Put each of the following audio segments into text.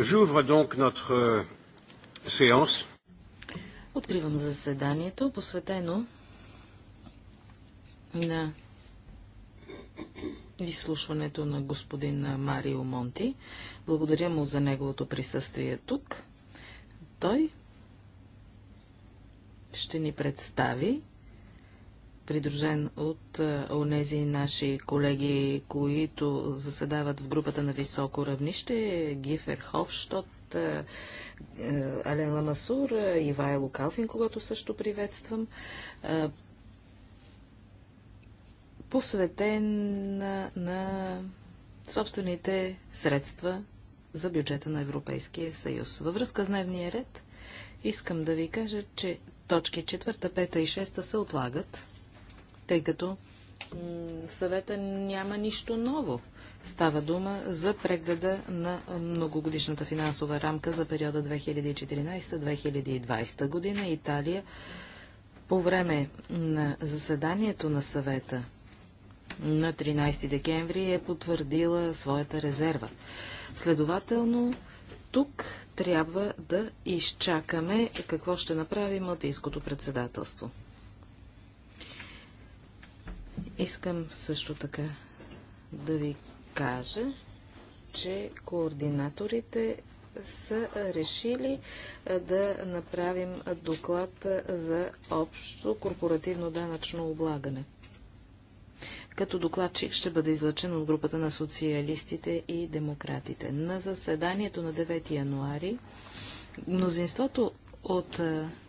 J'ouvre donc notre euh, séance. Откривам заседанието, посветено на изслушването на господин Марио Монти. Благодаря му за неговото присъствие тук. Той ще ни представи придружен от е, онези наши колеги, които заседават в групата на високо равнище, Гифер Хофштот, е, е, Ален Ламасур, Ивайло Калфин, когато също приветствам, посветен на, на собствените средства за бюджета на Европейския съюз. Във връзка с дневния ред, искам да ви кажа, че точки 4, 5 и 6 се отлагат тъй като в съвета няма нищо ново. Става дума за прегледа на многогодишната финансова рамка за периода 2014-2020 година. Италия по време на заседанието на съвета на 13 декември е потвърдила своята резерва. Следователно, тук трябва да изчакаме какво ще направи Малтийското председателство. Искам също така да ви кажа, че координаторите са решили да направим доклад за общо корпоративно данъчно облагане. Като докладчик ще бъде излъчен от групата на социалистите и демократите. На заседанието на 9 януари мнозинството от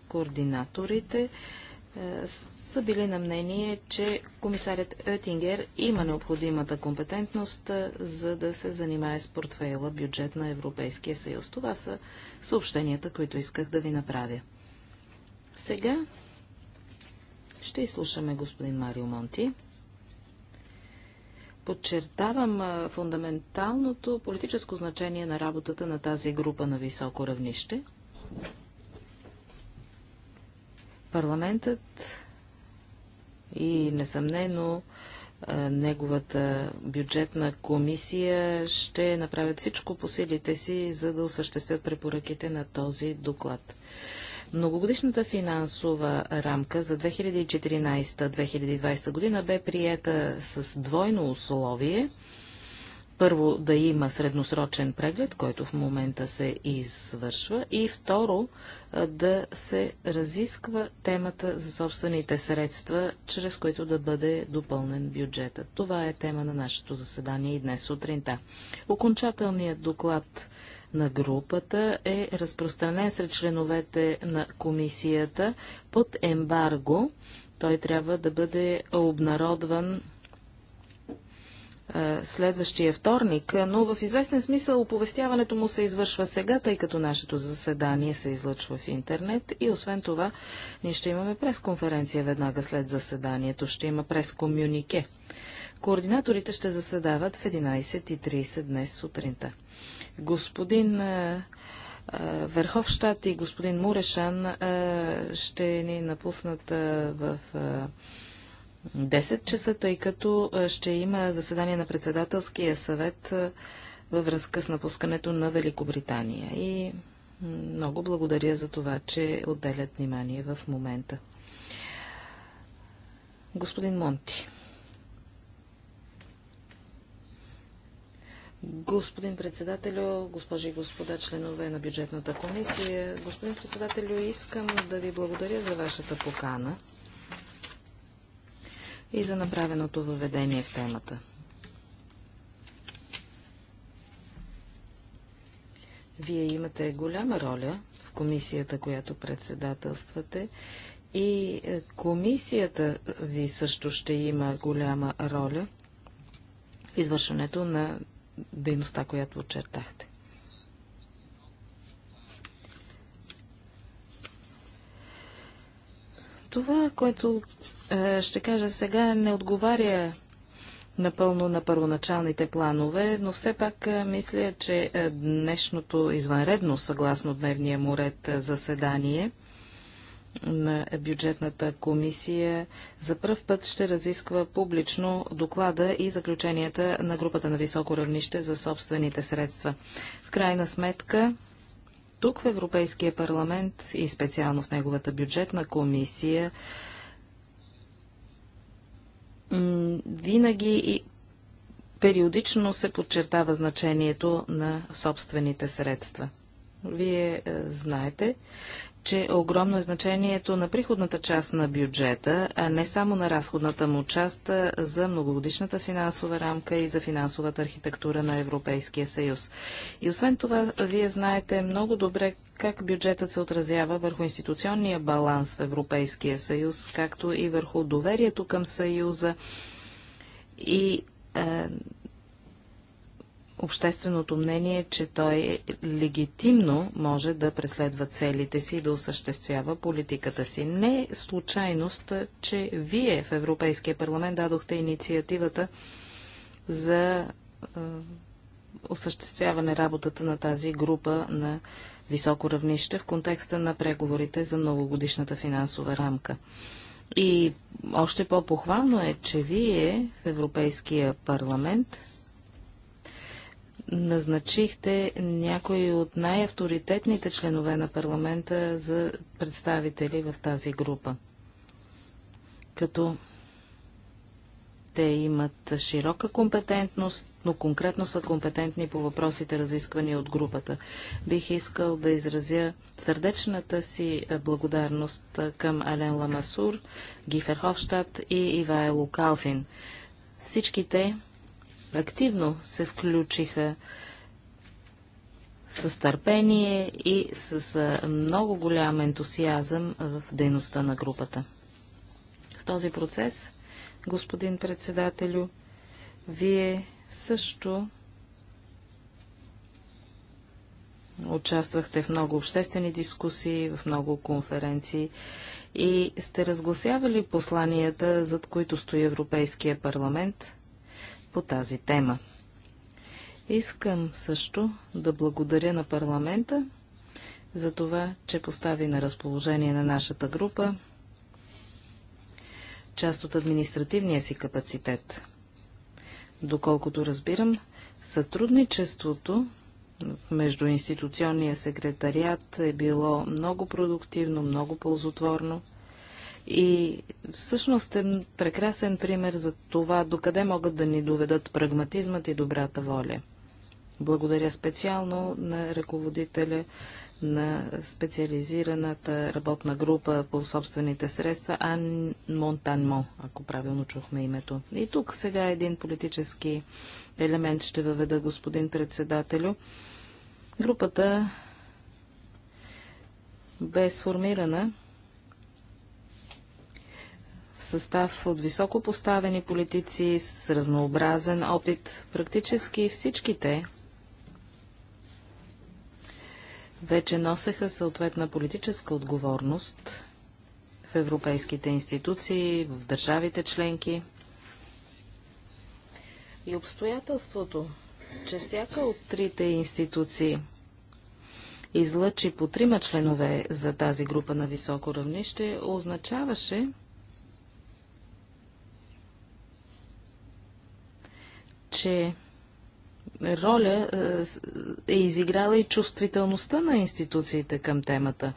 координаторите е, са били на мнение, че комисарят Оетингер има необходимата компетентност, е, за да се занимае с портфейла бюджет на Европейския съюз. Това са съобщенията, които исках да ви направя. Сега ще изслушаме господин Марио Монти. Подчертавам е, фундаменталното политическо значение на работата на тази група на високо равнище. Парламентът и несъмнено неговата бюджетна комисия ще направят всичко по силите си, за да осъществят препоръките на този доклад. Многогодишната финансова рамка за 2014-2020 година бе приета с двойно условие – първо да има средносрочен преглед, който в момента се извършва, и второ да се разисква темата за собствените средства, чрез които да бъде допълнен бюджетът. Това е тема на нашето заседание и днес сутринта. Окончателният доклад на групата е разпространен сред членовете на комисията под ембарго. Той трябва да бъде обнародван е, следващия вторник, е, но в известен смисъл оповестяването му се извършва сега, тъй като нашето заседание се излъчва в интернет и освен това ние ще имаме пресконференция веднага след заседанието, ще има прескомюнике. Координаторите ще заседават в 11.30 днес сутринта. Господин е, Верховщат и господин Мурешан ще ни напуснат в 10 часа, тъй като ще има заседание на председателския съвет във връзка с напускането на Великобритания. И много благодаря за това, че отделят внимание в момента. Господин Монти. Господин председателю, госпожи и господа членове на бюджетната комисия, господин председателю, искам да ви благодаря за вашата покана и за направеното въведение в темата. Вие имате голяма роля в комисията, която председателствате и е, комисията ви също ще има голяма роля в извършването на дейността, която очертахте. Това, което е, ще кажа сега, не отговаря напълно на първоначалните планове, но все пак е, мисля, че е, днешното извънредно, съгласно дневния му ред е, заседание на бюджетната комисия, за първ път ще разисква публично доклада и заключенията на групата на високо равнище за собствените средства. В крайна сметка, тук в Европейския парламент и специално в неговата бюджетна комисия винаги и периодично се подчертава значението на собствените средства. Вие е, знаете, че огромно е значението на приходната част на бюджета, а не само на разходната му част за многогодишната финансова рамка и за финансовата архитектура на Европейския съюз. И освен това, вие знаете много добре как бюджетът се отразява върху институционния баланс в Европейския съюз, както и върху доверието към съюза и е, общественото мнение, че той легитимно може да преследва целите си и да осъществява политиката си. Не е случайност, че вие в Европейския парламент дадохте инициативата за осъществяване работата на тази група на високо равнище в контекста на преговорите за многогодишната финансова рамка. И още по-похвално е, че вие в Европейския парламент назначихте някои от най-авторитетните членове на парламента за представители в тази група. Като те имат широка компетентност, но конкретно са компетентни по въпросите, разисквани от групата. Бих искал да изразя сърдечната си благодарност към Ален Ламасур, Гиферховщад и Ивайло Калфин. Всички те активно се включиха с търпение и с много голям ентусиазъм в дейността на групата. В този процес, господин председателю, вие също участвахте в много обществени дискусии, в много конференции и сте разгласявали посланията, зад които стои Европейския парламент – по тази тема. Искам също да благодаря на парламента за това, че постави на разположение на нашата група част от административния си капацитет. Доколкото разбирам, сътрудничеството между институционния секретариат е било много продуктивно, много ползотворно. И всъщност е прекрасен пример за това, докъде могат да ни доведат прагматизмът и добрата воля. Благодаря специално на ръководителя на специализираната работна група по собствените средства Ан Монтанмо, ако правилно чухме името. И тук сега един политически елемент ще въведа, господин председателю. Групата бе сформирана в състав от високо поставени политици с разнообразен опит. Практически всичките вече носеха съответна политическа отговорност в европейските институции, в държавите членки. И обстоятелството, че всяка от трите институции излъчи по трима членове за тази група на високо равнище, означаваше, че роля е, е изиграла и чувствителността на институциите към темата.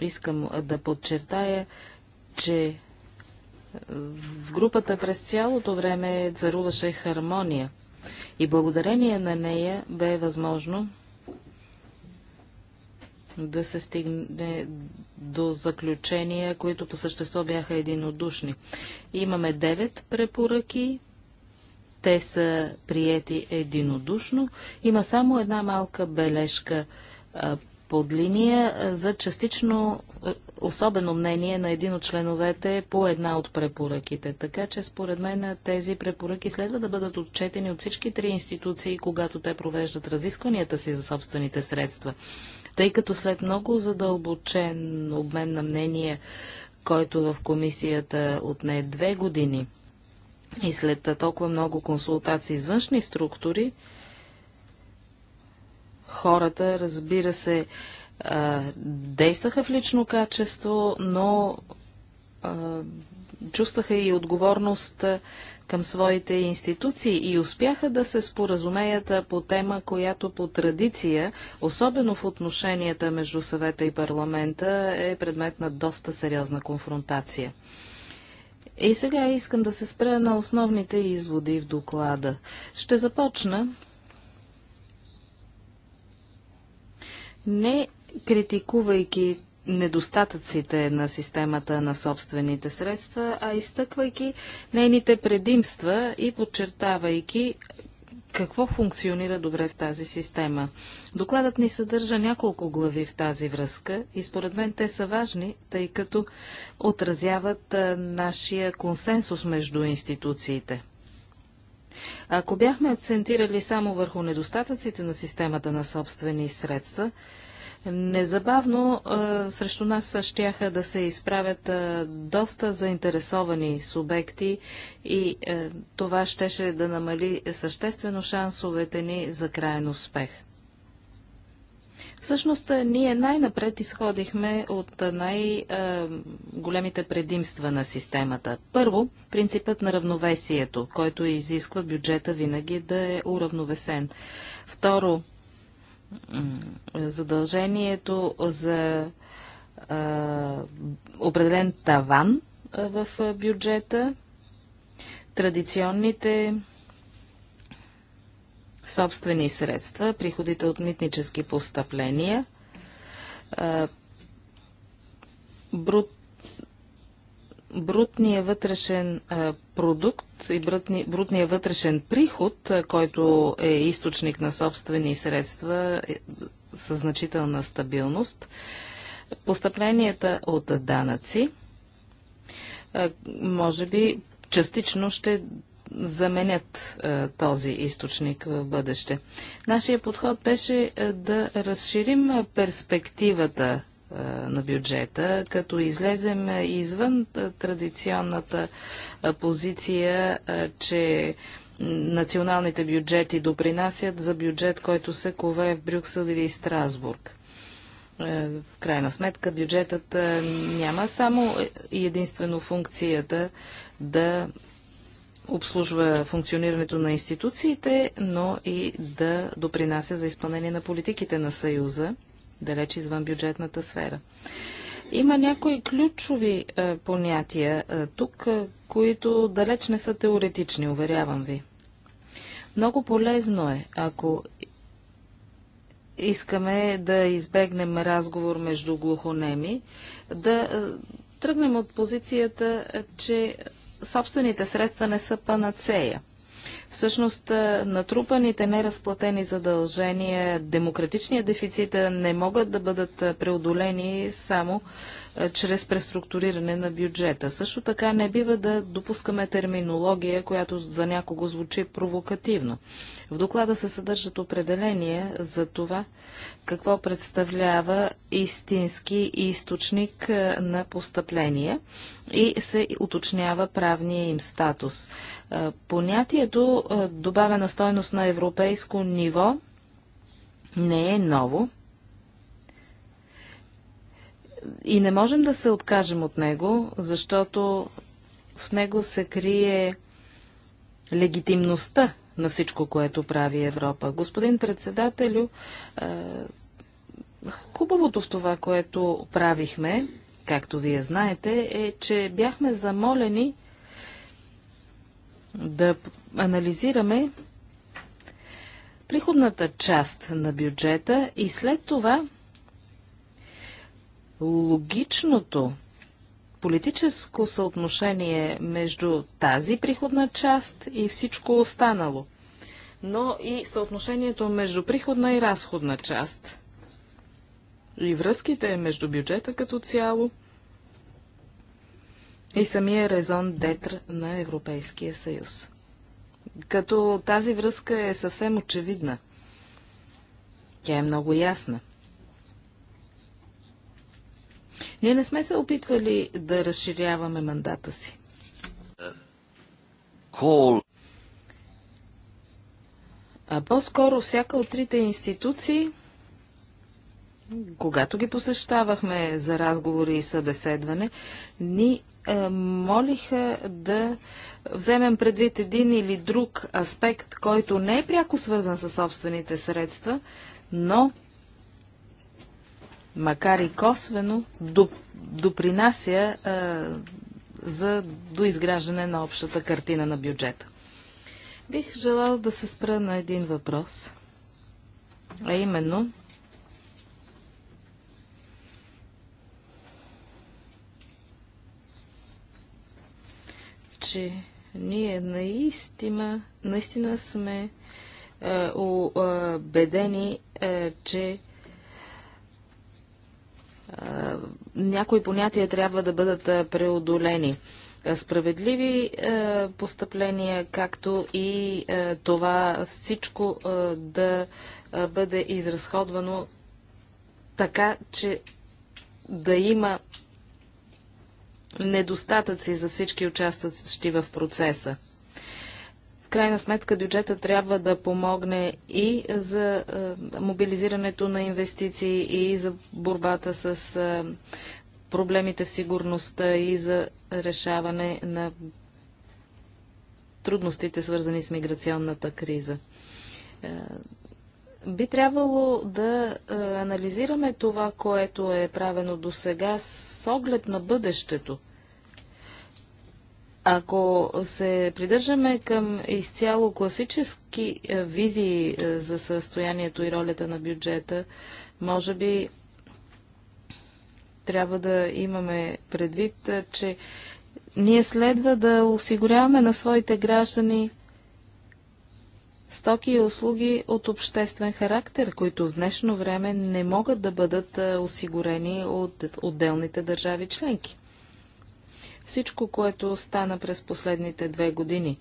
Искам да подчертая, че е, в групата през цялото време царуваше хармония и благодарение на нея бе възможно да се стигне до заключения, които по същество бяха единодушни. Имаме девет препоръки, те са приети единодушно. Има само една малка бележка под линия за частично особено мнение на един от членовете по една от препоръките. Така че според мен тези препоръки следва да бъдат отчетени от всички три институции, когато те провеждат разискванията си за собствените средства. Тъй като след много задълбочен обмен на мнение, който в комисията отне две години – и след толкова много консултации с външни структури, хората, разбира се, действаха в лично качество, но чувстваха и отговорност към своите институции и успяха да се споразумеят по тема, която по традиция, особено в отношенията между съвета и парламента, е предмет на доста сериозна конфронтация. И сега искам да се спра на основните изводи в доклада. Ще започна не критикувайки недостатъците на системата на собствените средства, а изтъквайки нейните предимства и подчертавайки какво функционира добре в тази система. Докладът ни съдържа няколко глави в тази връзка и според мен те са важни, тъй като отразяват а, нашия консенсус между институциите. Ако бяхме акцентирали само върху недостатъците на системата на собствени средства, Незабавно а, срещу нас щяха да се изправят а, доста заинтересовани субекти и а, това щеше да намали съществено шансовете ни за крайен успех. Всъщност, ние най-напред изходихме от най-големите предимства на системата. Първо, принципът на равновесието, който изисква бюджета винаги да е уравновесен. Второ, задължението за а, определен таван в бюджета, традиционните собствени средства, приходите от митнически постъпления, а, брут брутния вътрешен продукт и брутния вътрешен приход, който е източник на собствени средства със е, значителна стабилност, постъпленията от данъци, може би частично ще заменят този източник в бъдеще. Нашия подход беше да разширим перспективата е, на бюджета, като излезем извън традиционната е, позиция, е, че националните бюджети допринасят за бюджет, който се кове в Брюксел или Страсбург. В крайна сметка бюджетът няма само и единствено функцията да обслужва функционирането на институциите, но и да допринася за изпълнение на политиките на Съюза далеч извън бюджетната сфера. Има някои ключови е, понятия е, тук, е, които далеч не са теоретични, уверявам ви. Много полезно е, ако искаме да избегнем разговор между глухонеми, да е, тръгнем от позицията, е, че собствените средства не са панацея – Всъщност, е, натрупаните неразплатени задължения, демократичния дефицит е, не могат да бъдат е, преодолени само е, чрез преструктуриране на бюджета. Също така не бива да допускаме терминология, която за някого звучи провокативно. В доклада се съдържат определения за това, какво представлява истински източник е, на постъпление и се уточнява правния им статус. Е, понятието добавена стойност на европейско ниво не е ново и не можем да се откажем от него, защото в него се крие легитимността на всичко, което прави Европа. Господин председателю, хубавото в това, което правихме, както вие знаете, е, че бяхме замолени да анализираме приходната част на бюджета и след това логичното политическо съотношение между тази приходна част и всичко останало, но и съотношението между приходна и разходна част и връзките между бюджета като цяло и самия резон детр на Европейския съюз. Като тази връзка е съвсем очевидна. Тя е много ясна. Ние не сме се опитвали да разширяваме мандата си. А по-скоро всяка от трите институции, когато ги посещавахме за разговори и събеседване, ни е, молиха да вземем предвид един или друг аспект, който не е пряко свързан с собствените средства, но макар и косвено, допринася а, за доизграждане на общата картина на бюджета. Бих желал да се спра на един въпрос, а именно че ние наистина, наистина сме убедени, че е, някои понятия трябва да бъдат е, преодолени. Е, справедливи постъпления, както и това всичко да бъде изразходвано така, че да има недостатъци за всички участващи в процеса. В крайна сметка бюджета трябва да помогне и за е, мобилизирането на инвестиции, и за борбата с е, проблемите в сигурността, и за решаване на трудностите, свързани с миграционната криза. Е, би трябвало да анализираме това, което е правено до сега с оглед на бъдещето – ако се придържаме към изцяло класически е, визии е, за състоянието и ролята на бюджета, може би трябва да имаме предвид, е, че ние следва да осигуряваме на своите граждани стоки и услуги от обществен характер, които в днешно време не могат да бъдат осигурени от отделните държави членки всичко, което стана през последните две години.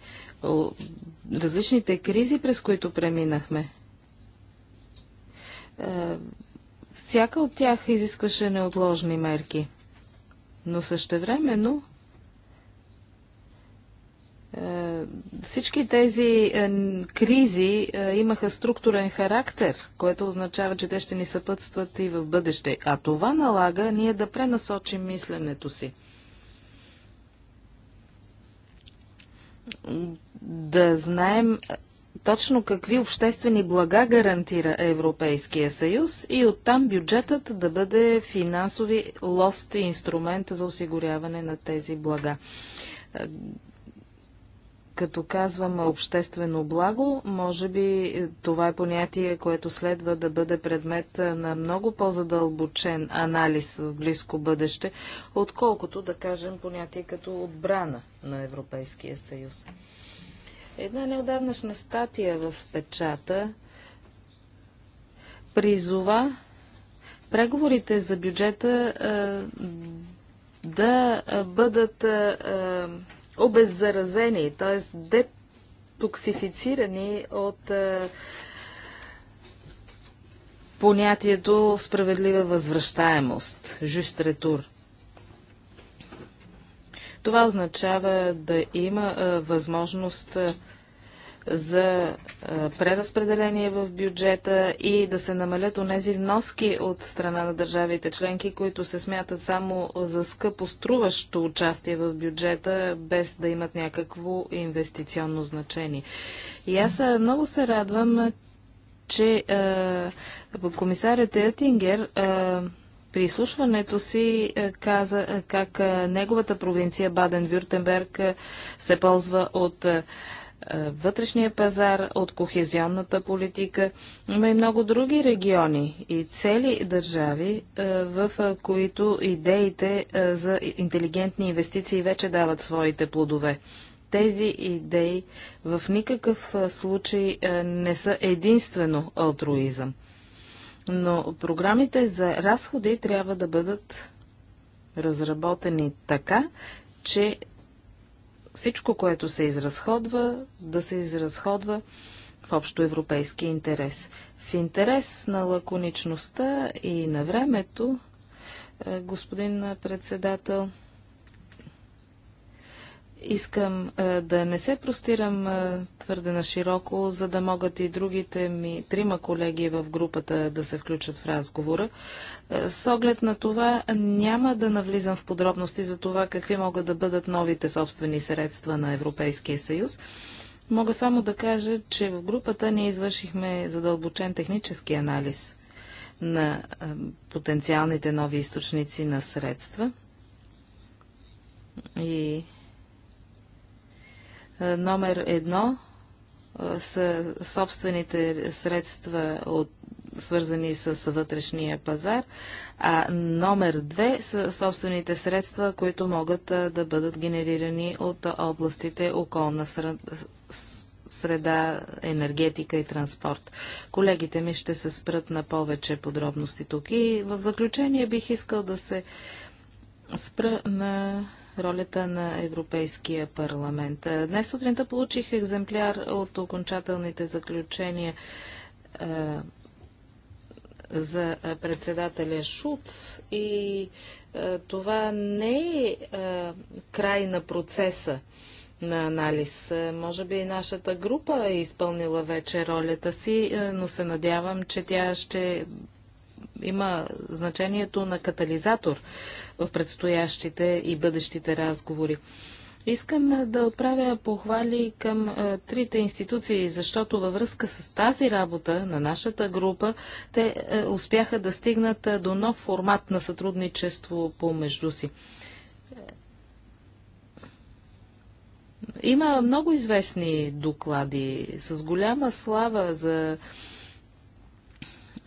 Различните кризи, през които преминахме. Е, всяка от тях изискваше неотложни мерки. Но същевременно е, всички тези е, кризи имаха структурен характер, което означава, че те ще ни съпътстват и в бъдеще. А това налага ние да пренасочим мисленето си. да знаем точно какви обществени блага гарантира Европейския съюз и оттам бюджетът да бъде финансови лост и инструмент за осигуряване на тези блага. Като казвам обществено благо, може би е, това е понятие, което следва да бъде предмет е, на много по-задълбочен анализ в близко бъдеще, отколкото да кажем понятие като отбрана на Европейския съюз. Една неодавнашна статия в печата призова преговорите за бюджета е, да бъдат обеззаразени, т.е. детоксифицирани от е, понятието справедлива възвръщаемост, жюстретур. Това означава да има е, възможност е, за преразпределение в бюджета и да се намалят онези вноски от страна на държавите членки, които се смятат само за скъпо струващо участие в бюджета, без да имат някакво инвестиционно значение. И аз много се радвам, че е, комисарят Етингер е, при изслушването си каза как неговата провинция Баден-Вюртенберг се ползва от е, вътрешния пазар, от кохезионната политика. Има и много други региони и цели държави, е, в е, които идеите за интелигентни инвестиции вече дават своите плодове. Тези идеи в никакъв случай не са единствено алтруизъм. Но програмите за разходи трябва да бъдат разработени така, че всичко, което се изразходва, да се изразходва в общо европейски интерес. В интерес на лаконичността и на времето, е, господин председател, Искам а, е, да не се простирам а, е, твърде на широко, за да могат и другите ми трима колеги в групата да се включат в разговора. А, е, с оглед на това няма да навлизам в подробности за това какви могат да бъдат новите собствени средства на Европейския съюз. Мога само да кажа, че в групата ние извършихме задълбочен технически анализ на потенциалните нови източници на средства и е, номер едно е, са собствените средства от свързани с вътрешния пазар, а номер две са собствените средства, които могат е, да бъдат генерирани от областите околна среда, енергетика и транспорт. Колегите ми ще се спрат на повече подробности тук и в заключение бих искал да се спра на ролята на Европейския парламент. Е, днес сутринта получих екземпляр от окончателните заключения е, за председателя Шуц и е, това не е, край на процеса на анализ. Може би и нашата група е изпълнила вече ролята си, но се надявам, че тя ще има значението на катализатор в предстоящите и бъдещите разговори. Искам да отправя похвали към трите институции, защото във връзка с тази работа на нашата група, те успяха да стигнат до нов формат на сътрудничество помежду си. Има много известни доклади с голяма слава за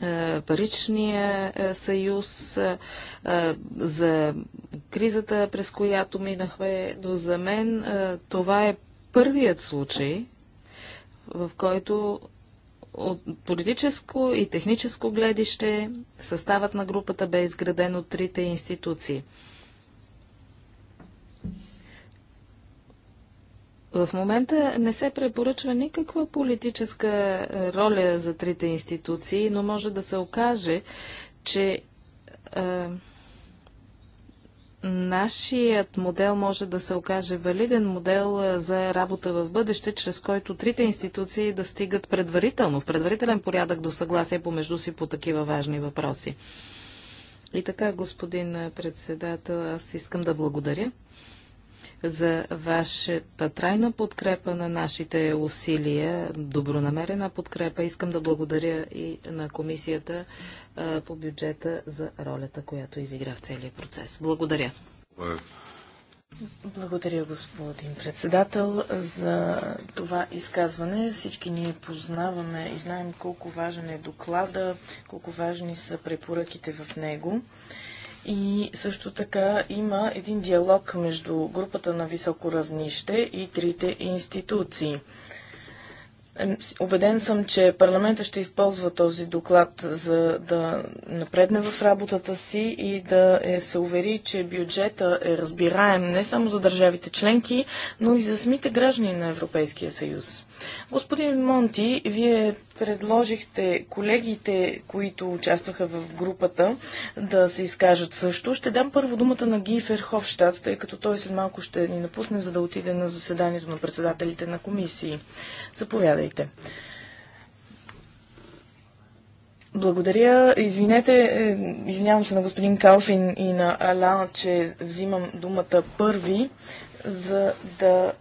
е, паричния е, съюз, е, за кризата, през която минахме. до за мен това е първият случай, в който от политическо и техническо гледище съставът на групата бе изграден от трите институции – В момента не се препоръчва никаква политическа е, роля за трите институции, но може да се окаже, че е, нашият модел може да се окаже валиден модел е, за работа в бъдеще, чрез който трите институции да стигат предварително, в предварителен порядък до съгласие помежду си по такива важни въпроси. И така, господин председател, аз искам да благодаря за вашата трайна подкрепа на нашите усилия, добронамерена подкрепа. Искам да благодаря и на комисията по бюджета за ролята, която изигра в целия процес. Благодаря. Благодаря, господин председател, за това изказване. Всички ние познаваме и знаем колко важен е доклада, колко важни са препоръките в него. И също така има един диалог между групата на високо равнище и трите институции. Обеден съм, че парламента ще използва този доклад за да напредне в работата си и да е, се увери, че бюджета е разбираем не само за държавите членки, но и за самите граждани на Европейския съюз. Господин Монти, вие предложихте колегите, които участваха в групата, да се изкажат също. Ще дам първо думата на Ги Ферховщад, тъй като той след малко ще ни напусне, за да отиде на заседанието на председателите на комисии. Заповядайте. Благодаря. Извинете, е, извинявам се на господин Калфин и на Аля, че взимам думата първи, за да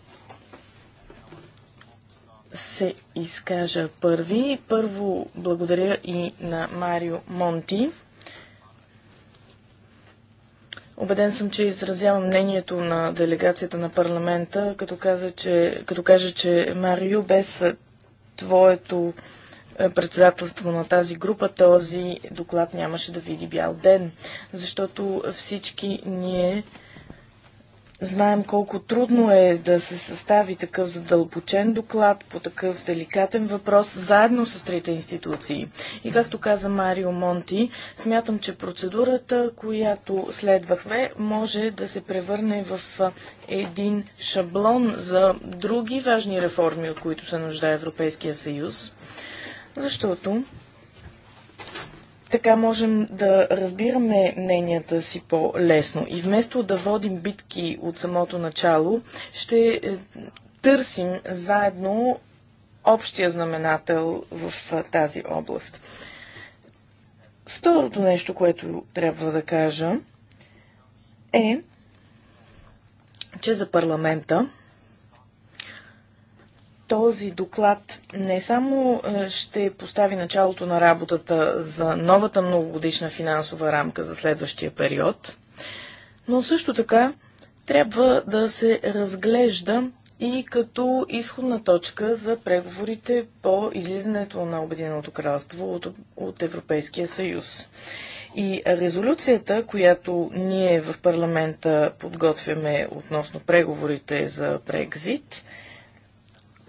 се изкажа първи. Първо благодаря и на Марио Монти. Обеден съм, че изразявам мнението на делегацията на парламента, като, каза, че, като кажа, че Марио, без твоето е, председателство на тази група, този доклад нямаше да види бял ден, защото всички ние Знаем колко трудно е да се състави такъв задълбочен доклад по такъв деликатен въпрос заедно с трите институции. И както каза Марио Монти, смятам, че процедурата, която следвахме, може да се превърне в един шаблон за други важни реформи, от които се нуждае Европейския съюз. Защото така можем да разбираме мненията си по-лесно. И вместо да водим битки от самото начало, ще е, търсим заедно общия знаменател в е, тази област. Второто нещо, което трябва да кажа е, че за парламента този доклад не само е, ще постави началото на работата за новата многогодишна финансова рамка за следващия период, но също така трябва да се разглежда и като изходна точка за преговорите по излизането на Обединеното кралство от, от Европейския съюз. И резолюцията, която ние в парламента подготвяме относно преговорите за Брекзит,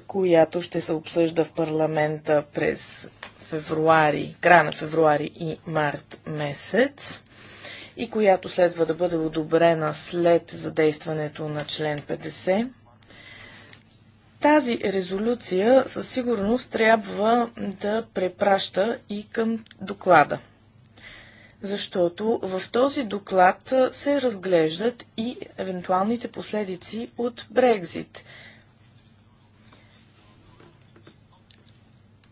която ще се обсъжда в парламента през февруари, края на февруари и март месец и която следва да бъде одобрена след задействането на член 50. Тази резолюция със сигурност трябва да препраща и към доклада. Защото в този доклад се разглеждат и евентуалните последици от Брекзит.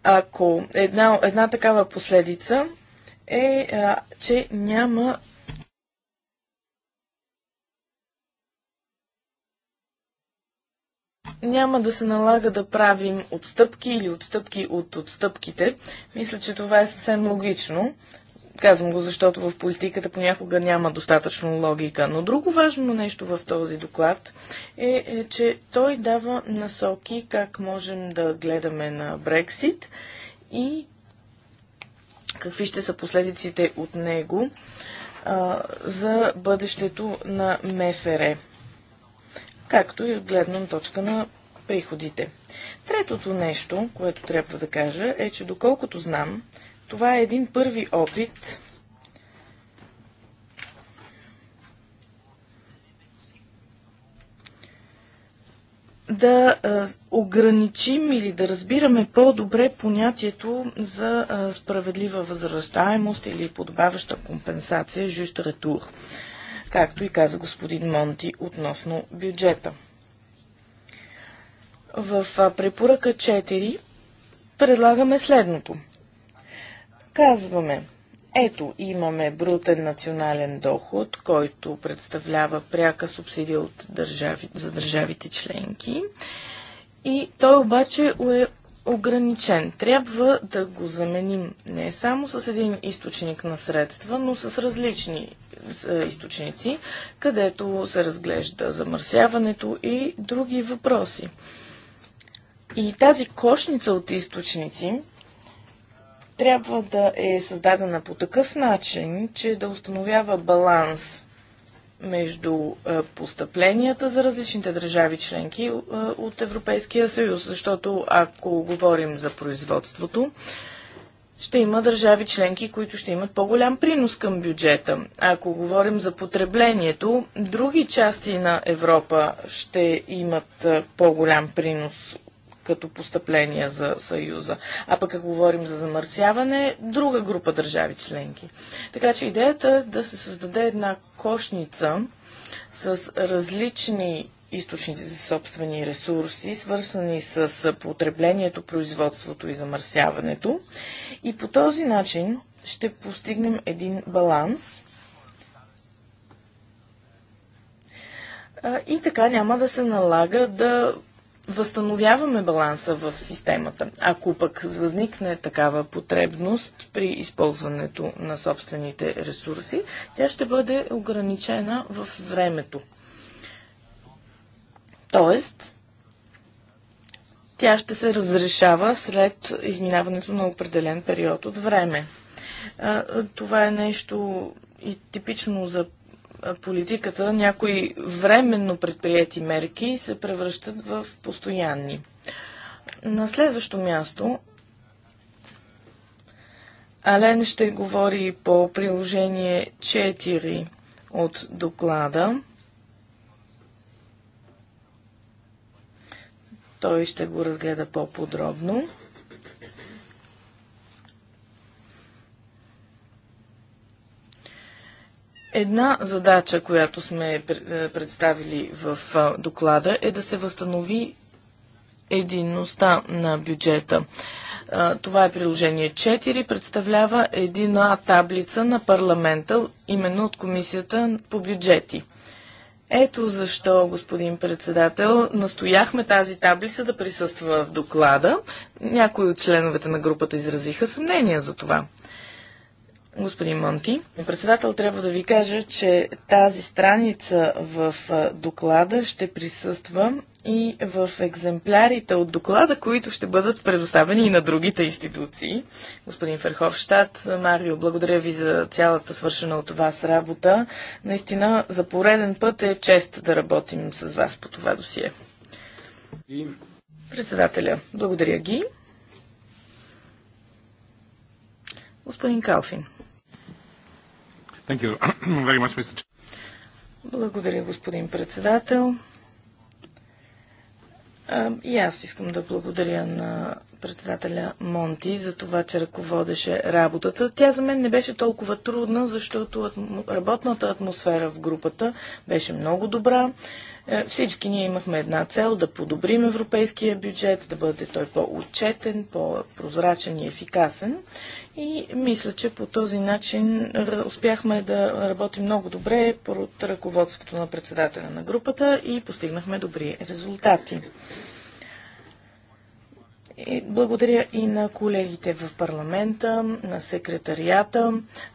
ако една, една такава последица е, а, че няма няма да се налага да правим отстъпки или отстъпки от отстъпките. Мисля, че това е съвсем логично, Казвам го, защото в политиката понякога няма достатъчно логика. Но друго важно нещо в този доклад е, е че той дава насоки как можем да гледаме на Брексит и какви ще са последиците от него а, за бъдещето на МФР, както и от гледна точка на приходите. Третото нещо, което трябва да кажа, е, че доколкото знам, това е един първи опит да ограничим или да разбираме по-добре понятието за справедлива възрастаемост или подобаваща компенсация, жюст ретур, както и каза господин Монти относно бюджета. В препоръка 4 предлагаме следното – Казваме, ето имаме брутен национален доход, който представлява пряка субсидия от държави, за държавите членки. И той обаче е ограничен. Трябва да го заменим не само с един източник на средства, но с различни е, източници, където се разглежда замърсяването и други въпроси. И тази кошница от източници трябва да е създадена по такъв начин, че да установява баланс между е, постъпленията за различните държави членки е, от Европейския съюз, защото ако говорим за производството, ще има държави членки, които ще имат по-голям принос към бюджета. Ако говорим за потреблението, други части на Европа ще имат е, по-голям принос като постъпления за Съюза. А пък ако говорим за замърсяване, друга група държави членки. Така че идеята е да се създаде една кошница с различни източници за собствени ресурси, свързани с потреблението, производството и замърсяването. И по този начин ще постигнем един баланс. И така няма да се налага да възстановяваме баланса в системата. Ако пък възникне такава потребност при използването на собствените ресурси, тя ще бъде ограничена в времето. Тоест, тя ще се разрешава след изминаването на определен период от време. Това е нещо и типично за политиката някои временно предприяти мерки се превръщат в постоянни. На следващо място Ален ще говори по приложение 4 от доклада. Той ще го разгледа по-подробно. Една задача, която сме е, представили в доклада е да се възстанови единността на бюджета. Това е приложение 4, представлява една таблица на парламента, именно от комисията по бюджети. Ето защо, господин председател, настояхме тази таблица да присъства в доклада. Някои от членовете на групата изразиха съмнение за това. Господин Монти, председател, трябва да ви кажа, че тази страница в доклада ще присъства и в екземплярите от доклада, които ще бъдат предоставени и на другите институции. Господин Ферховщад, Марио, благодаря ви за цялата свършена от вас работа. Наистина, за пореден път е чест да работим с вас по това досие. И... Председателя, благодаря ги. Господин Калфин. Much, Благодаря, господин председател. И аз искам да благодаря на председателя Монти за това, че ръководеше работата. Тя за мен не беше толкова трудна, защото работната атмосфера в групата беше много добра. Е, всички ние имахме една цел да подобрим европейския бюджет, да бъде той по-отчетен, по-прозрачен и ефикасен. И мисля, че по този начин успяхме да работим много добре под ръководството на председателя на групата и постигнахме добри резултати. И благодаря и на колегите в парламента, на секретарията.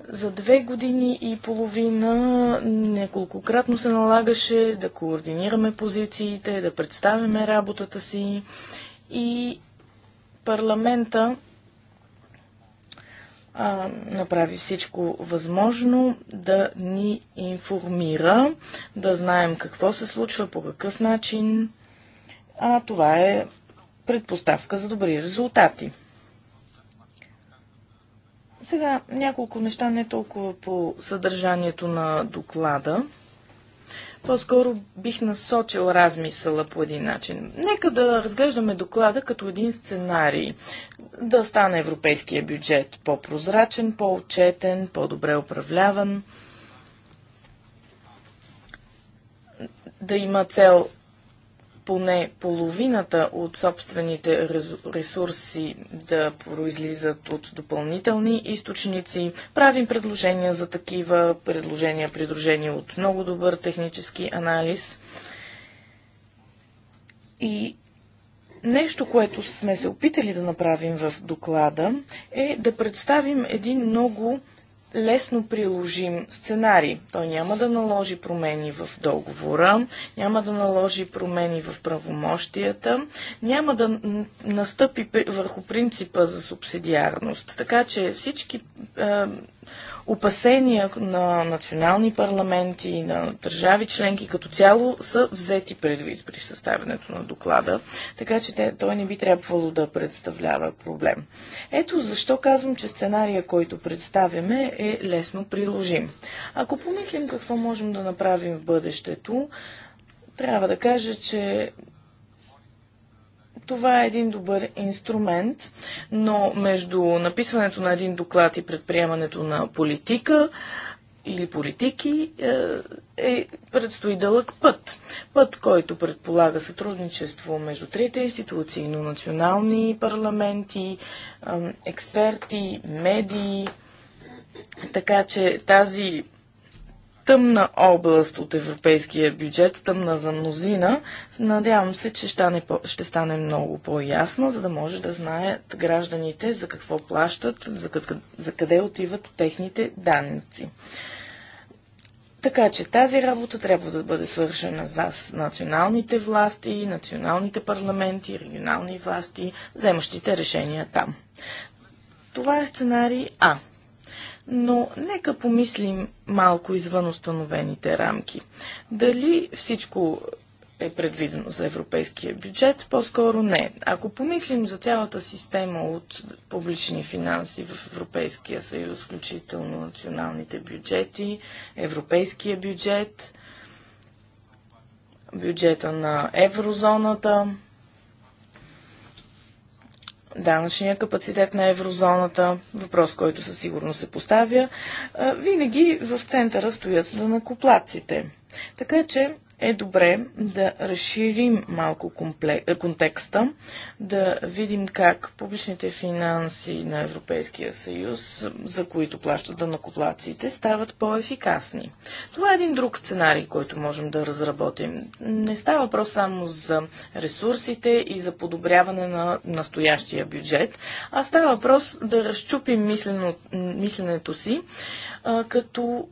За две години и половина неколкократно се налагаше да координираме позициите, да представяме работата си и парламента а, направи всичко възможно да ни информира, да знаем какво се случва, по какъв начин. А това е предпоставка за добри резултати. Сега няколко неща не толкова по съдържанието на доклада. По-скоро бих насочил размисъла по един начин. Нека да разглеждаме доклада като един сценарий. Да стане европейския бюджет по-прозрачен, по-отчетен, по-добре управляван. Да има цел поне половината от собствените ресурси да произлизат от допълнителни източници. Правим предложения за такива, предложения придружени от много добър технически анализ. И нещо, което сме се опитали да направим в доклада, е да представим един много лесно приложим сценарий. Той няма да наложи промени в договора, няма да наложи промени в правомощията, няма да настъпи върху принципа за субсидиарност. Така че всички е, опасения на национални парламенти и на държави членки като цяло са взети предвид при съставянето на доклада, така че той не би трябвало да представлява проблем. Ето защо казвам, че сценария, който представяме е лесно приложим. Ако помислим какво можем да направим в бъдещето, трябва да кажа, че това е един добър инструмент, но между написването на един доклад и предприемането на политика, или политики е, е, предстои дълъг път. Път, който предполага сътрудничество между трите институции, но национални парламенти, експерти, медии. Така че тази тъмна област от европейския бюджет, тъмна за мнозина. Надявам се, че по, ще стане много по-ясна, за да може да знаят гражданите за какво плащат, за къде, за къде отиват техните данници. Така че тази работа трябва да бъде свършена за националните власти, националните парламенти, регионални власти, вземащите решения там. Това е сценарий А но нека помислим малко извън установените рамки. Дали всичко е предвидено за европейския бюджет? По-скоро не. Ако помислим за цялата система от публични финанси в Европейския съюз, включително националните бюджети, европейския бюджет, бюджета на еврозоната, данъчния капацитет на еврозоната, въпрос, който със сигурност се поставя, винаги в центъра стоят накоплаците. Така че е добре да разширим малко е, контекста, да видим как публичните финанси на Европейския съюз, за които плащат данакоплаците, стават по-ефикасни. Това е един друг сценарий, който можем да разработим. Не става въпрос само за ресурсите и за подобряване на настоящия бюджет, а става въпрос да разчупим мисленето си, като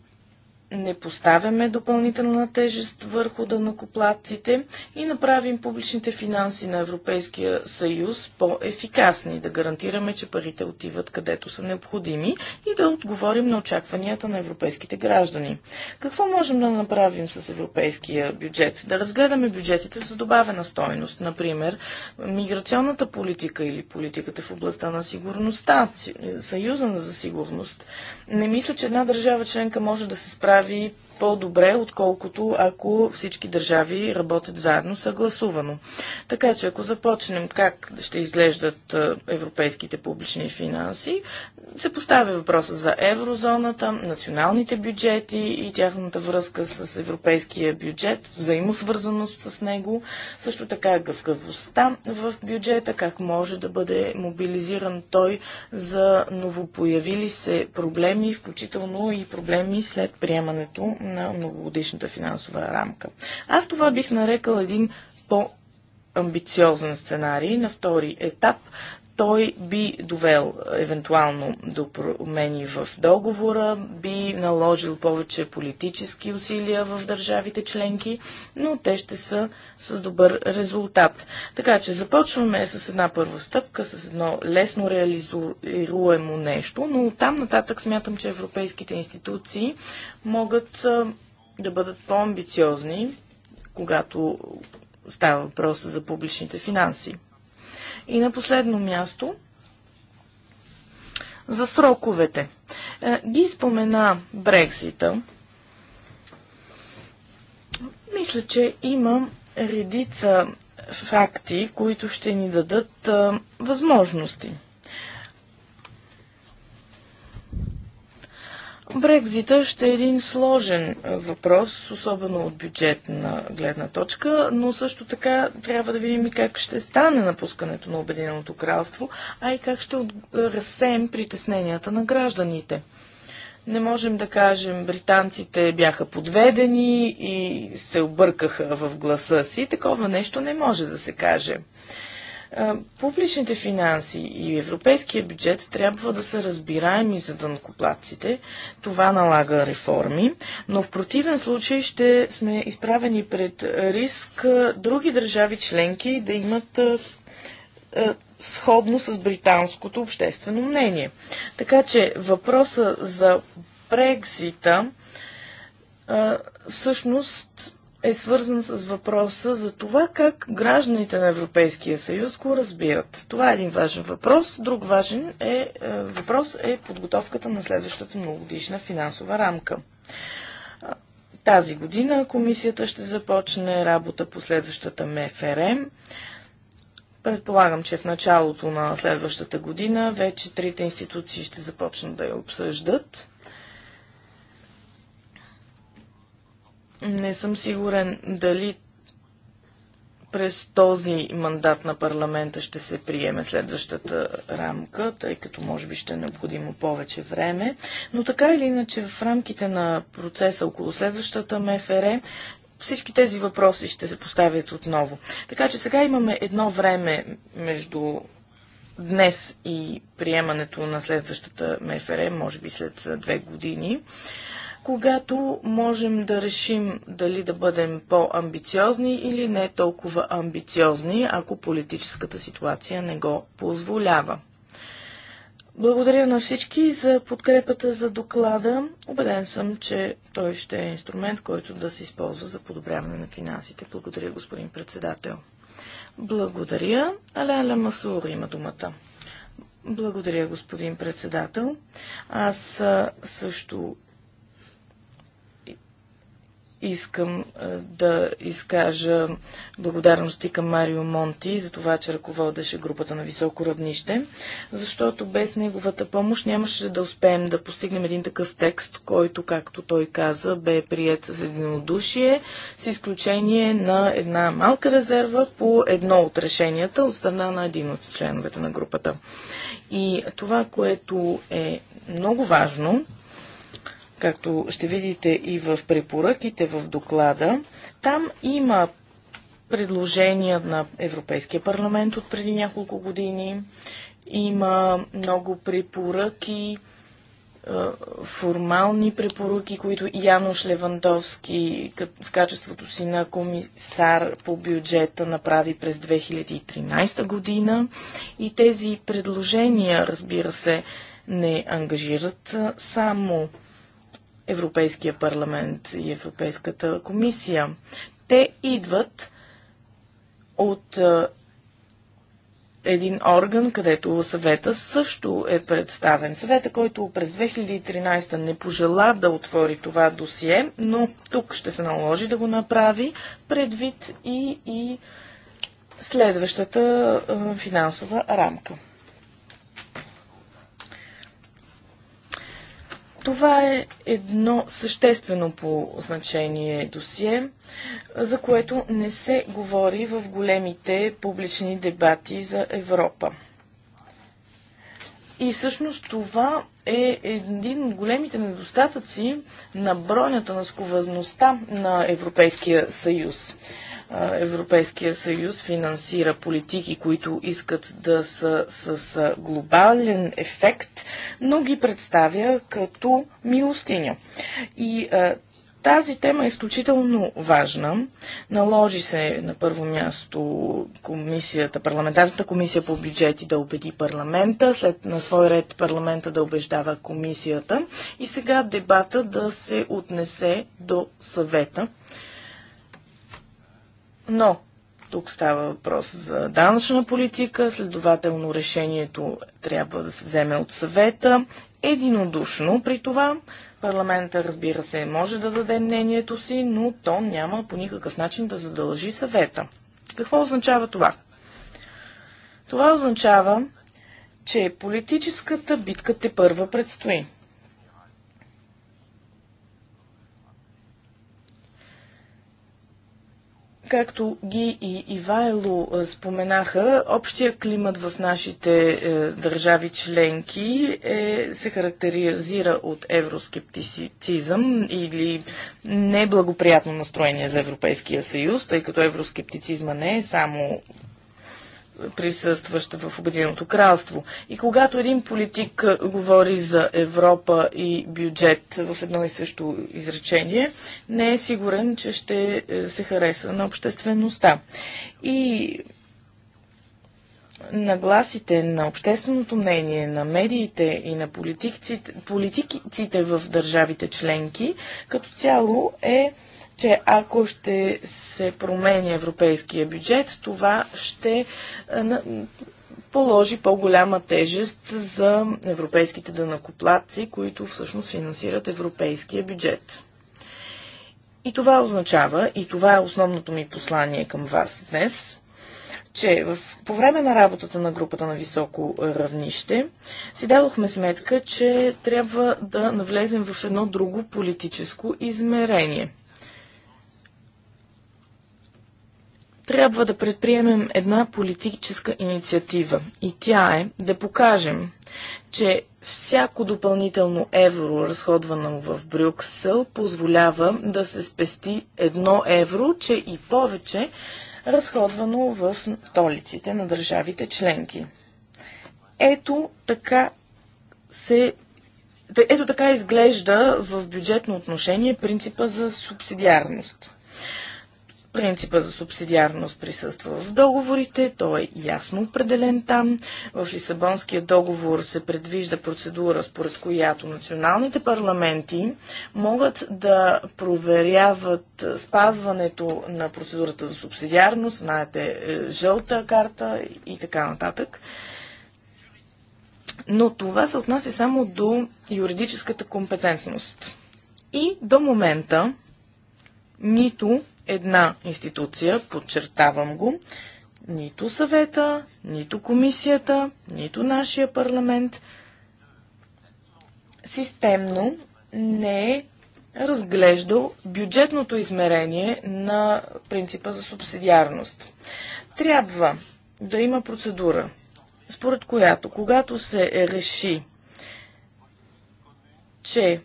не поставяме допълнителна тежест върху дънакоплатците и направим публичните финанси на Европейския съюз по-ефикасни, да гарантираме, че парите отиват където са необходими и да отговорим на очакванията на европейските граждани. Какво можем да направим с европейския бюджет? Да разгледаме бюджетите с добавена стойност, например миграционната политика или политиката в областта на сигурността, Съюза за сигурност. Не мисля, че една държава членка може да се справи прави по-добре, отколкото ако всички държави работят заедно съгласувано. Така че ако започнем как ще изглеждат европейските публични финанси, се поставя въпроса за еврозоната, националните бюджети и тяхната връзка с европейския бюджет, взаимосвързаност с него, също така гъвкавостта в бюджета, как може да бъде мобилизиран той за новопоявили се проблеми, включително и проблеми след приемането на многогодишната финансова рамка. Аз това бих нарекал един по амбициозен сценарий на втори етап той би довел е, евентуално до промени в договора, би наложил повече политически усилия в държавите членки, но те ще са с добър резултат. Така че започваме с една първа стъпка, с едно лесно реализуемо нещо, но там нататък смятам, че европейските институции могат да бъдат по-амбициозни, когато става въпрос за публичните финанси. И на последно място, за сроковете. Е, ги спомена Брексита. Мисля, че има редица факти, които ще ни дадат е, възможности. Брекзита ще е един сложен въпрос, особено от бюджетна гледна точка, но също така трябва да видим и как ще стане напускането на Обединеното кралство, а и как ще разсеем притесненията на гражданите. Не можем да кажем, британците бяха подведени и се объркаха в гласа си. Такова нещо не може да се каже. Публичните финанси и европейския бюджет трябва да са разбираеми за дънкоплаците. Това налага реформи, но в противен случай ще сме изправени пред риск други държави членки да имат сходно с британското обществено мнение. Така че въпроса за Брекзита всъщност е свързан с въпроса за това как гражданите на Европейския съюз го разбират. Това е един важен въпрос. Друг важен е, е въпрос е подготовката на следващата многогодишна финансова рамка. Тази година комисията ще започне работа по следващата МФРМ. Предполагам, че в началото на следващата година вече трите институции ще започнат да я обсъждат. Не съм сигурен дали през този мандат на парламента ще се приеме следващата рамка, тъй като може би ще е необходимо повече време. Но така или иначе в рамките на процеса около следващата МФР всички тези въпроси ще се поставят отново. Така че сега имаме едно време между днес и приемането на следващата МФР, може би след две години когато можем да решим дали да бъдем по-амбициозни или не толкова амбициозни, ако политическата ситуация не го позволява. Благодаря на всички за подкрепата за доклада. Обеден съм, че той ще е инструмент, който да се използва за подобряване на финансите. Благодаря, господин председател. Благодаря. Аляля Масур има думата. Благодаря, господин председател. Аз също Искам да изкажа благодарности към Марио Монти за това, че ръководеше групата на високо равнище, защото без неговата помощ нямаше да успеем да постигнем един такъв текст, който, както той каза, бе прият с единодушие, с изключение на една малка резерва по едно от решенията от страна на един от членовете на групата. И това, което е много важно, Както ще видите и в препоръките в доклада, там има предложения на Европейския парламент от преди няколко години. Има много препоръки, е, формални препоръки, които Янош Левандовски в качеството си на комисар по бюджета направи през 2013 година. И тези предложения, разбира се, не ангажират само Европейския парламент и Европейската комисия. Те идват от един орган, където съвета също е представен. Съвета, който през 2013 не пожела да отвори това досие, но тук ще се наложи да го направи предвид и, и следващата финансова рамка. Това е едно съществено по значение досие, за което не се говори в големите публични дебати за Европа. И всъщност това е един от големите недостатъци на бройната на скувазността на Европейския съюз. Европейския съюз финансира политики, които искат да са с глобален ефект, но ги представя като милостиня. И тази тема е изключително важна. Наложи се на първо място комисията, парламентарната комисия по бюджети да убеди парламента, след на свой ред парламента да убеждава комисията и сега дебата да се отнесе до съвета но тук става въпрос за данъчна политика, следователно решението трябва да се вземе от съвета. Единодушно при това парламента, разбира се, може да даде мнението си, но то няма по никакъв начин да задължи съвета. Какво означава това? Това означава, че политическата битка те първа предстои. Както ги и Ивайло споменаха, общия климат в нашите е, държави членки е, се характеризира от евроскептицизъм или неблагоприятно настроение за Европейския съюз, тъй като евроскептицизма не е само присъстваща в Обединеното кралство. И когато един политик говори за Европа и бюджет в едно и също изречение, не е сигурен, че ще е, се хареса на обществеността. И нагласите на общественото мнение, на медиите и на политиците, политиците в държавите членки като цяло е че ако ще се променя европейския бюджет, това ще е, положи по-голяма тежест за европейските дънакоплатци, които всъщност финансират европейския бюджет. И това означава, и това е основното ми послание към вас днес, че в, по време на работата на групата на високо равнище си дадохме сметка, че трябва да навлезем в едно друго политическо измерение. трябва да предприемем една политическа инициатива и тя е да покажем, че всяко допълнително евро, разходвано в Брюксел, позволява да се спести едно евро, че и повече, разходвано в столиците на държавите членки. Ето така се ето така изглежда в бюджетно отношение принципа за субсидиарност. Принципа за субсидиарност присъства в договорите, той е ясно определен там. В Лисабонския договор се предвижда процедура, според която националните парламенти могат да проверяват спазването на процедурата за субсидиарност, знаете, е, жълта карта и така нататък. Но това се отнася само до юридическата компетентност. И до момента нито една институция, подчертавам го, нито съвета, нито комисията, нито нашия парламент системно не е разглеждал бюджетното измерение на принципа за субсидиарност. Трябва да има процедура, според която, когато се реши, че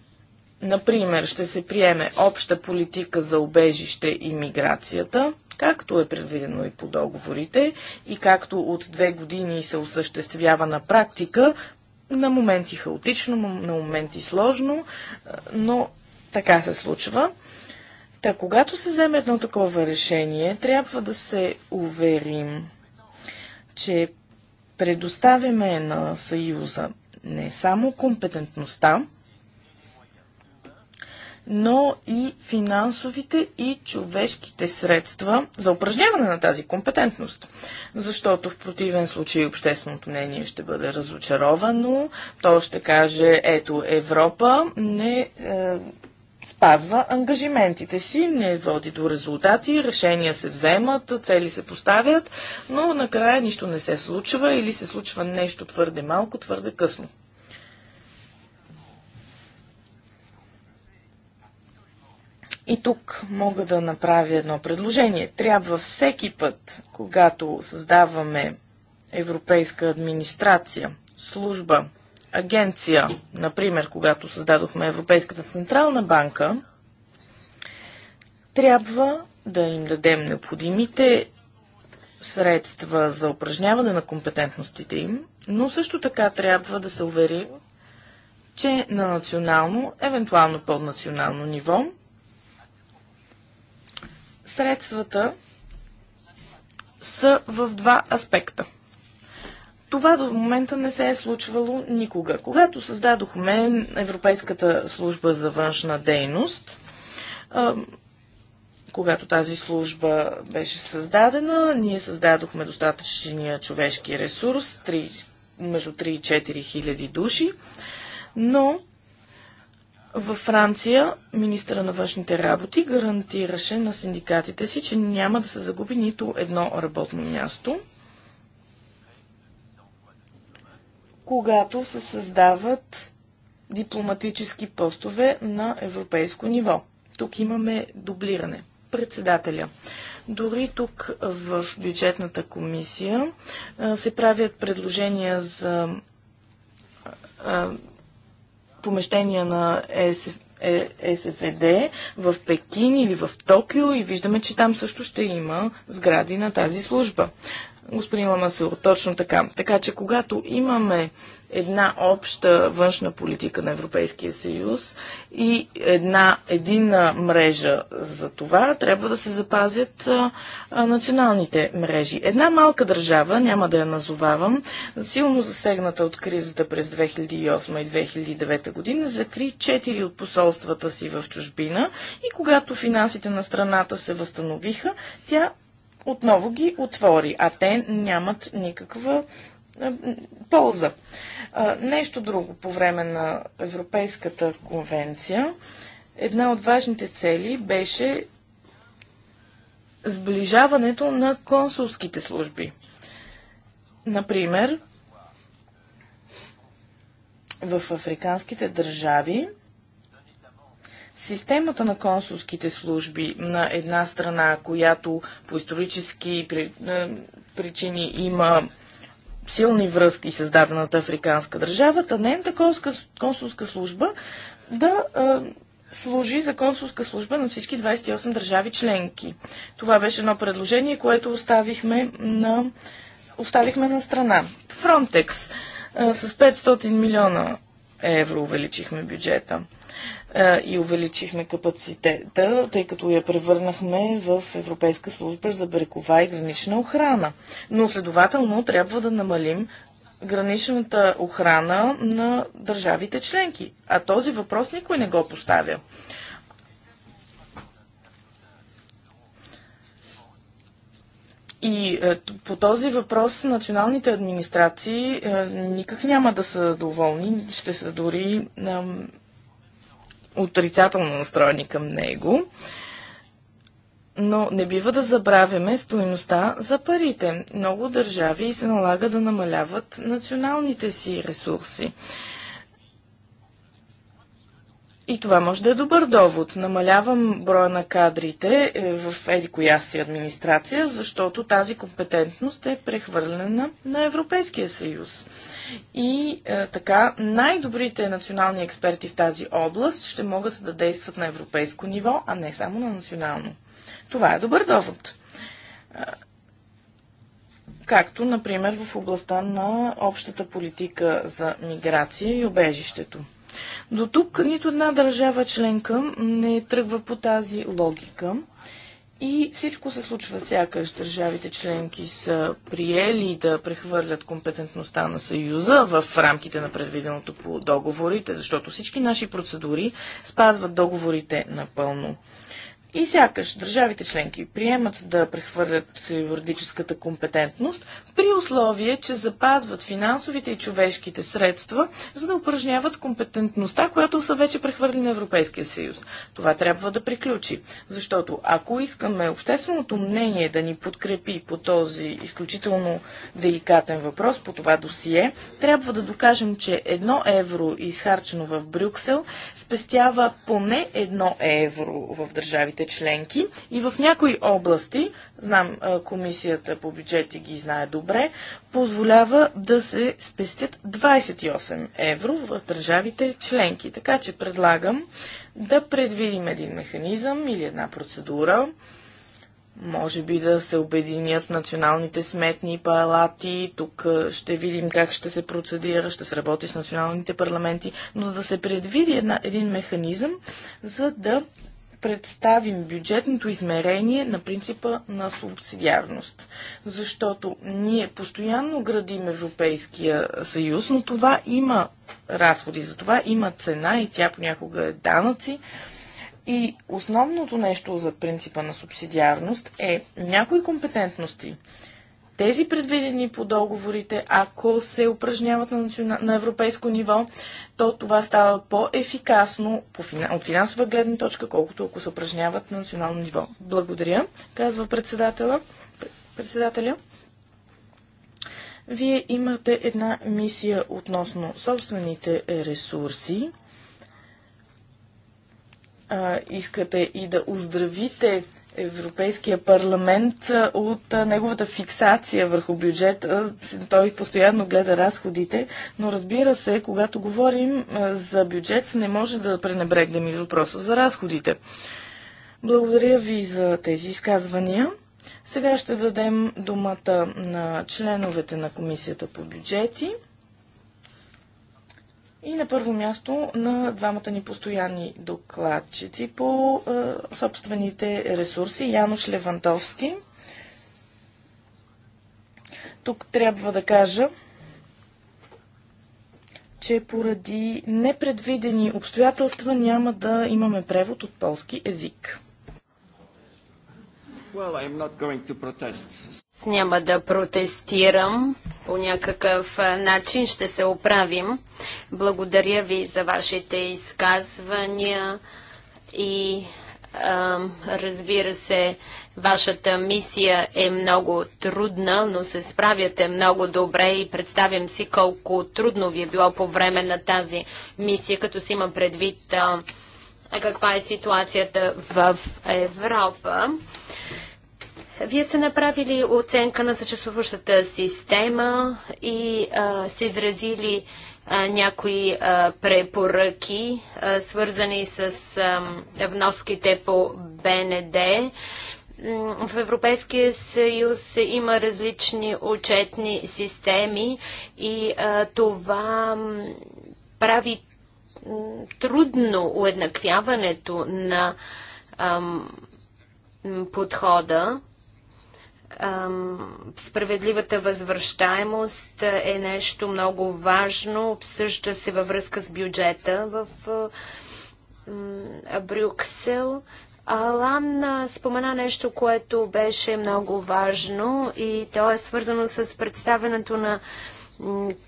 Например, ще се приеме обща политика за обежище и миграцията, както е предвидено и по договорите, и както от две години се осъществява на практика, на моменти хаотично, на моменти сложно, но така се случва. Та, когато се вземе едно такова решение, трябва да се уверим, че предоставяме на Съюза не само компетентността, но и финансовите и човешките средства за упражняване на тази компетентност. Защото в противен случай общественото мнение ще бъде разочаровано. То ще каже, ето Европа не е, спазва ангажиментите си, не води до резултати, решения се вземат, цели се поставят, но накрая нищо не се случва или се случва нещо твърде малко, твърде късно. И тук мога да направя едно предложение. Трябва всеки път, когато създаваме европейска администрация, служба, агенция, например, когато създадохме Европейската централна банка, трябва да им дадем необходимите средства за упражняване на компетентностите им, но също така трябва да се уверим, че на национално, евентуално поднационално ниво, средствата са в два аспекта. Това до момента не се е случвало никога. Когато създадохме Европейската служба за външна дейност, когато тази служба беше създадена, ние създадохме достатъчния човешки ресурс, 3, между 3 и 4 хиляди души, но във Франция министра на външните работи гарантираше на синдикатите си, че няма да се загуби нито едно работно място, когато се създават дипломатически постове на европейско ниво. Тук имаме дублиране. Председателя. Дори тук в бюджетната комисия се правят предложения за помещения на ЕСФ, СФД в Пекин или в Токио и виждаме, че там също ще има сгради на тази служба господин Ламасур, точно така. Така че когато имаме една обща външна политика на Европейския съюз и една единна мрежа за това, трябва да се запазят а, а, националните мрежи. Една малка държава, няма да я назовавам, силно засегната от кризата през 2008 и 2009 година, закри 4 от посолствата си в чужбина и когато финансите на страната се възстановиха, тя отново ги отвори, а те нямат никаква е, полза. Нещо друго по време на Европейската конвенция. Една от важните цели беше сближаването на консулските служби. Например, в африканските държави Системата на консулските служби на една страна, която по исторически е, причини има силни връзки с дадената африканска държава, та нейната консулска служба да е, служи за консулска служба на всички 28 държави членки. Това беше едно предложение, което оставихме на, оставихме на страна. Фронтекс е, с 500 милиона евро увеличихме бюджета. Е, и увеличихме капацитета, тъй като я превърнахме в Европейска служба за брекова и гранична охрана. Но следователно трябва да намалим граничната охрана на държавите членки. А този въпрос никой не го поставя. И е, по този въпрос националните администрации е, никак няма да са доволни, ще са дори отрицателно настроени към него. Но не бива да забравяме стоеността за парите. Много държави се налага да намаляват националните си ресурси. И това може да е добър довод. Намалявам броя на кадрите е, в еди коя си администрация, защото тази компетентност е прехвърлена на Европейския съюз. И е, така най-добрите национални експерти в тази област ще могат да действат на европейско ниво, а не само на национално. Това е добър довод. Е, както, например, в областта на общата политика за миграция и обежището. До тук нито една държава членка не тръгва по тази логика. И всичко се случва сякаш. Държавите членки са приели да прехвърлят компетентността на Съюза в рамките на предвиденото по договорите, защото всички наши процедури спазват договорите напълно. И сякаш държавите членки приемат да прехвърлят юридическата компетентност при условие, че запазват финансовите и човешките средства, за да упражняват компетентността, която са вече прехвърли на Европейския съюз. Това трябва да приключи, защото ако искаме общественото мнение да ни подкрепи по този изключително деликатен въпрос, по това досие, трябва да докажем, че едно евро изхарчено в Брюксел спестява поне едно евро в държавите държавите членки и в някои области, знам комисията по бюджети ги знае добре, позволява да се спестят 28 евро в държавите членки. Така че предлагам да предвидим един механизъм или една процедура, може би да се обединят националните сметни палати. Тук ще видим как ще се процедира, ще се работи с националните парламенти, но да се предвиди една, един механизъм, за да представим бюджетното измерение на принципа на субсидиарност. Защото ние постоянно градим Европейския съюз, но това има разходи, за това има цена и тя понякога е данъци. И основното нещо за принципа на субсидиарност е някои компетентности, тези предвидени по договорите, ако се упражняват на, национа... на европейско ниво, то това става по-ефикасно по фин... от финансова гледна точка, колкото ако се упражняват на национално ниво. Благодаря, казва председателя. председателя. Вие имате една мисия относно собствените ресурси. А, искате и да оздравите Европейския парламент от неговата фиксация върху бюджет. Той постоянно гледа разходите, но разбира се, когато говорим за бюджет, не може да пренебрегнем и въпроса за разходите. Благодаря ви за тези изказвания. Сега ще дадем думата на членовете на Комисията по бюджети. И на първо място на двамата ни постоянни докладчици по е, собствените ресурси Януш Левандовски. Тук трябва да кажа, че поради непредвидени обстоятелства няма да имаме превод от полски език. Well, Няма да протестирам. По някакъв начин ще се оправим. Благодаря ви за вашите изказвания и разбира се, вашата мисия е много трудна, но се справяте много добре и представям си колко трудно ви е било по време на тази мисия, като си има предвид каква е ситуацията в Европа. Вие сте направили оценка на съществуващата система и а, сте изразили а, някои а, препоръки, а, свързани с а, вноските по БНД. В Европейския съюз има различни отчетни системи и а, това прави трудно уеднаквяването на а, подхода. Справедливата възвръщаемост е, е нещо много важно. Обсъжда се във връзка с бюджета в Брюксел. Алан спомена нещо, което беше много важно и то е свързано с представенето на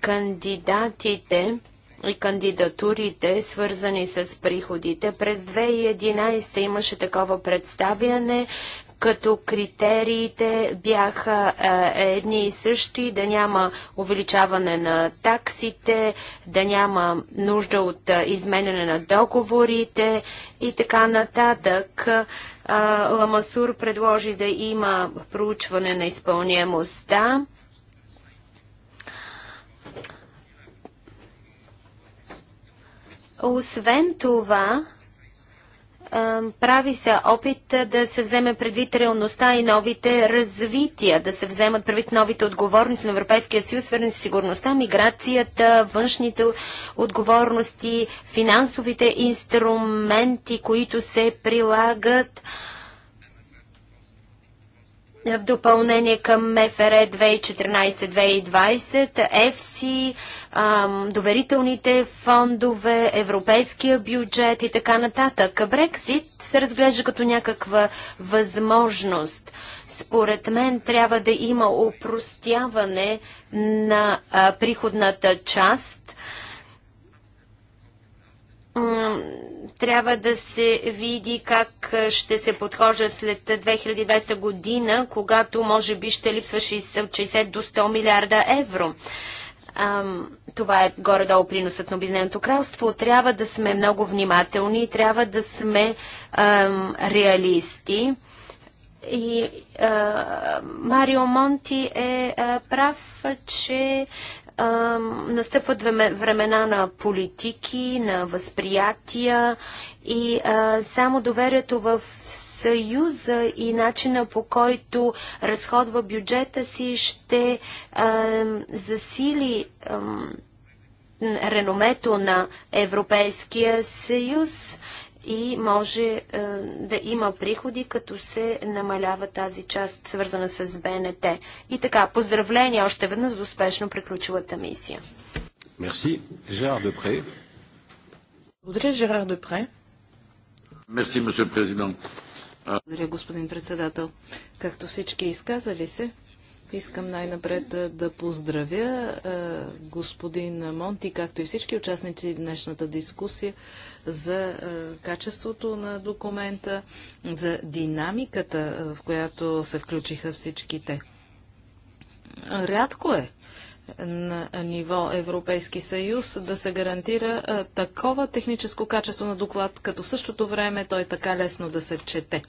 кандидатите и кандидатурите, свързани с приходите. През 2011 имаше такова представяне като критериите бяха е, едни и същи, да няма увеличаване на таксите, да няма нужда от е, изменяне на договорите и така нататък. Е, Ламасур предложи да има проучване на изпълняемостта. Освен това, прави се опит да се вземе предвид реалността и новите развития, да се вземат предвид новите отговорности на Европейския съюз, свързани с сигурността, миграцията, външните отговорности, финансовите инструменти, които се прилагат. А, в допълнение към МФР 2014-2020, ФСИ, доверителните фондове, европейския бюджет и така нататък. Брексит се разглежда като някаква възможност. Според мен трябва да има упростяване на приходната част трябва да се види как ще се подхожа след 2020 година, когато може би ще липсва 60, от 60 до 100 милиарда евро. Ам, това е горе-долу приносът на Обединеното кралство. Трябва да сме много внимателни, трябва да сме ам, реалисти. И а, Марио Монти е а, прав, че а, настъпват времена на политики, на възприятия и а, само доверието в Съюза и начина по който разходва бюджета си ще а, засили а, реномето на Европейския съюз и може е, да има приходи, като се намалява тази част, свързана с БНТ. И така, поздравления още веднъж за успешно приключилата мисия. Мерси. Жерар Депре. Благодаря, Жерар Депре. Мерси, месье президент. Благодаря, господин председател. Както всички изказали се, Искам най-напред да поздравя господин Монти, както и всички участници в днешната дискусия за качеството на документа, за динамиката, в която се включиха всичките. Рядко е на ниво Европейски съюз да се гарантира такова техническо качество на доклад, като в същото време той така лесно да се чете.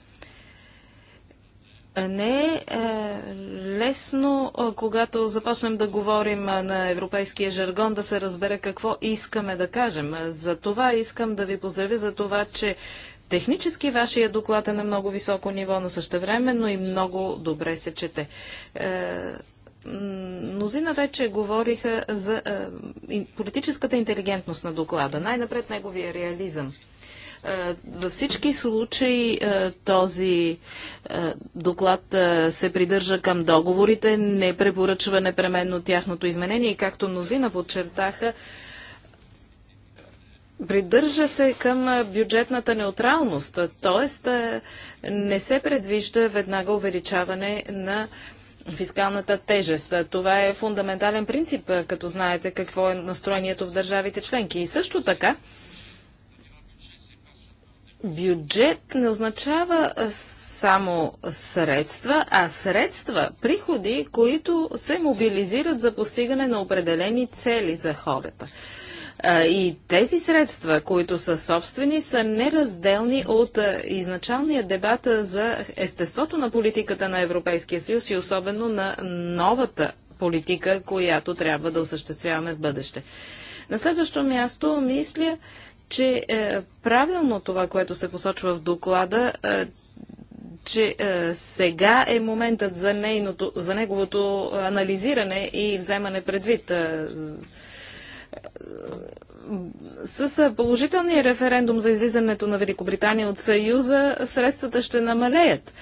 Не е, е лесно, когато започнем да говорим на европейския жаргон, да се разбере какво искаме да кажем. За това искам да ви поздравя за това, че Технически вашия доклад е на много високо ниво, но същевременно и много добре се чете. Е, мнозина вече говориха за е, политическата интелигентност на доклада, най-напред неговия реализъм. Е, във всички случаи е, този е, доклад се придържа към договорите, не препоръчва непременно тяхното изменение и както мнозина подчертаха, Придържа се към бюджетната неутралност, т.е. не се предвижда веднага увеличаване на фискалната тежест. Това е фундаментален принцип, като знаете какво е настроението в държавите членки. И също така Бюджет не означава само средства, а средства, приходи, които се мобилизират за постигане на определени цели за хората. И тези средства, които са собствени, са неразделни от изначалния дебат за естеството на политиката на Европейския съюз и особено на новата политика, която трябва да осъществяваме в бъдеще. На следващо място, мисля, че е, правилно това, което се посочва в доклада, е, че е, сега е моментът за, нейното, за неговото анализиране и вземане предвид. Е, е с е, положителния референдум за излизането на Великобритания от Съюза средствата ще намалеят.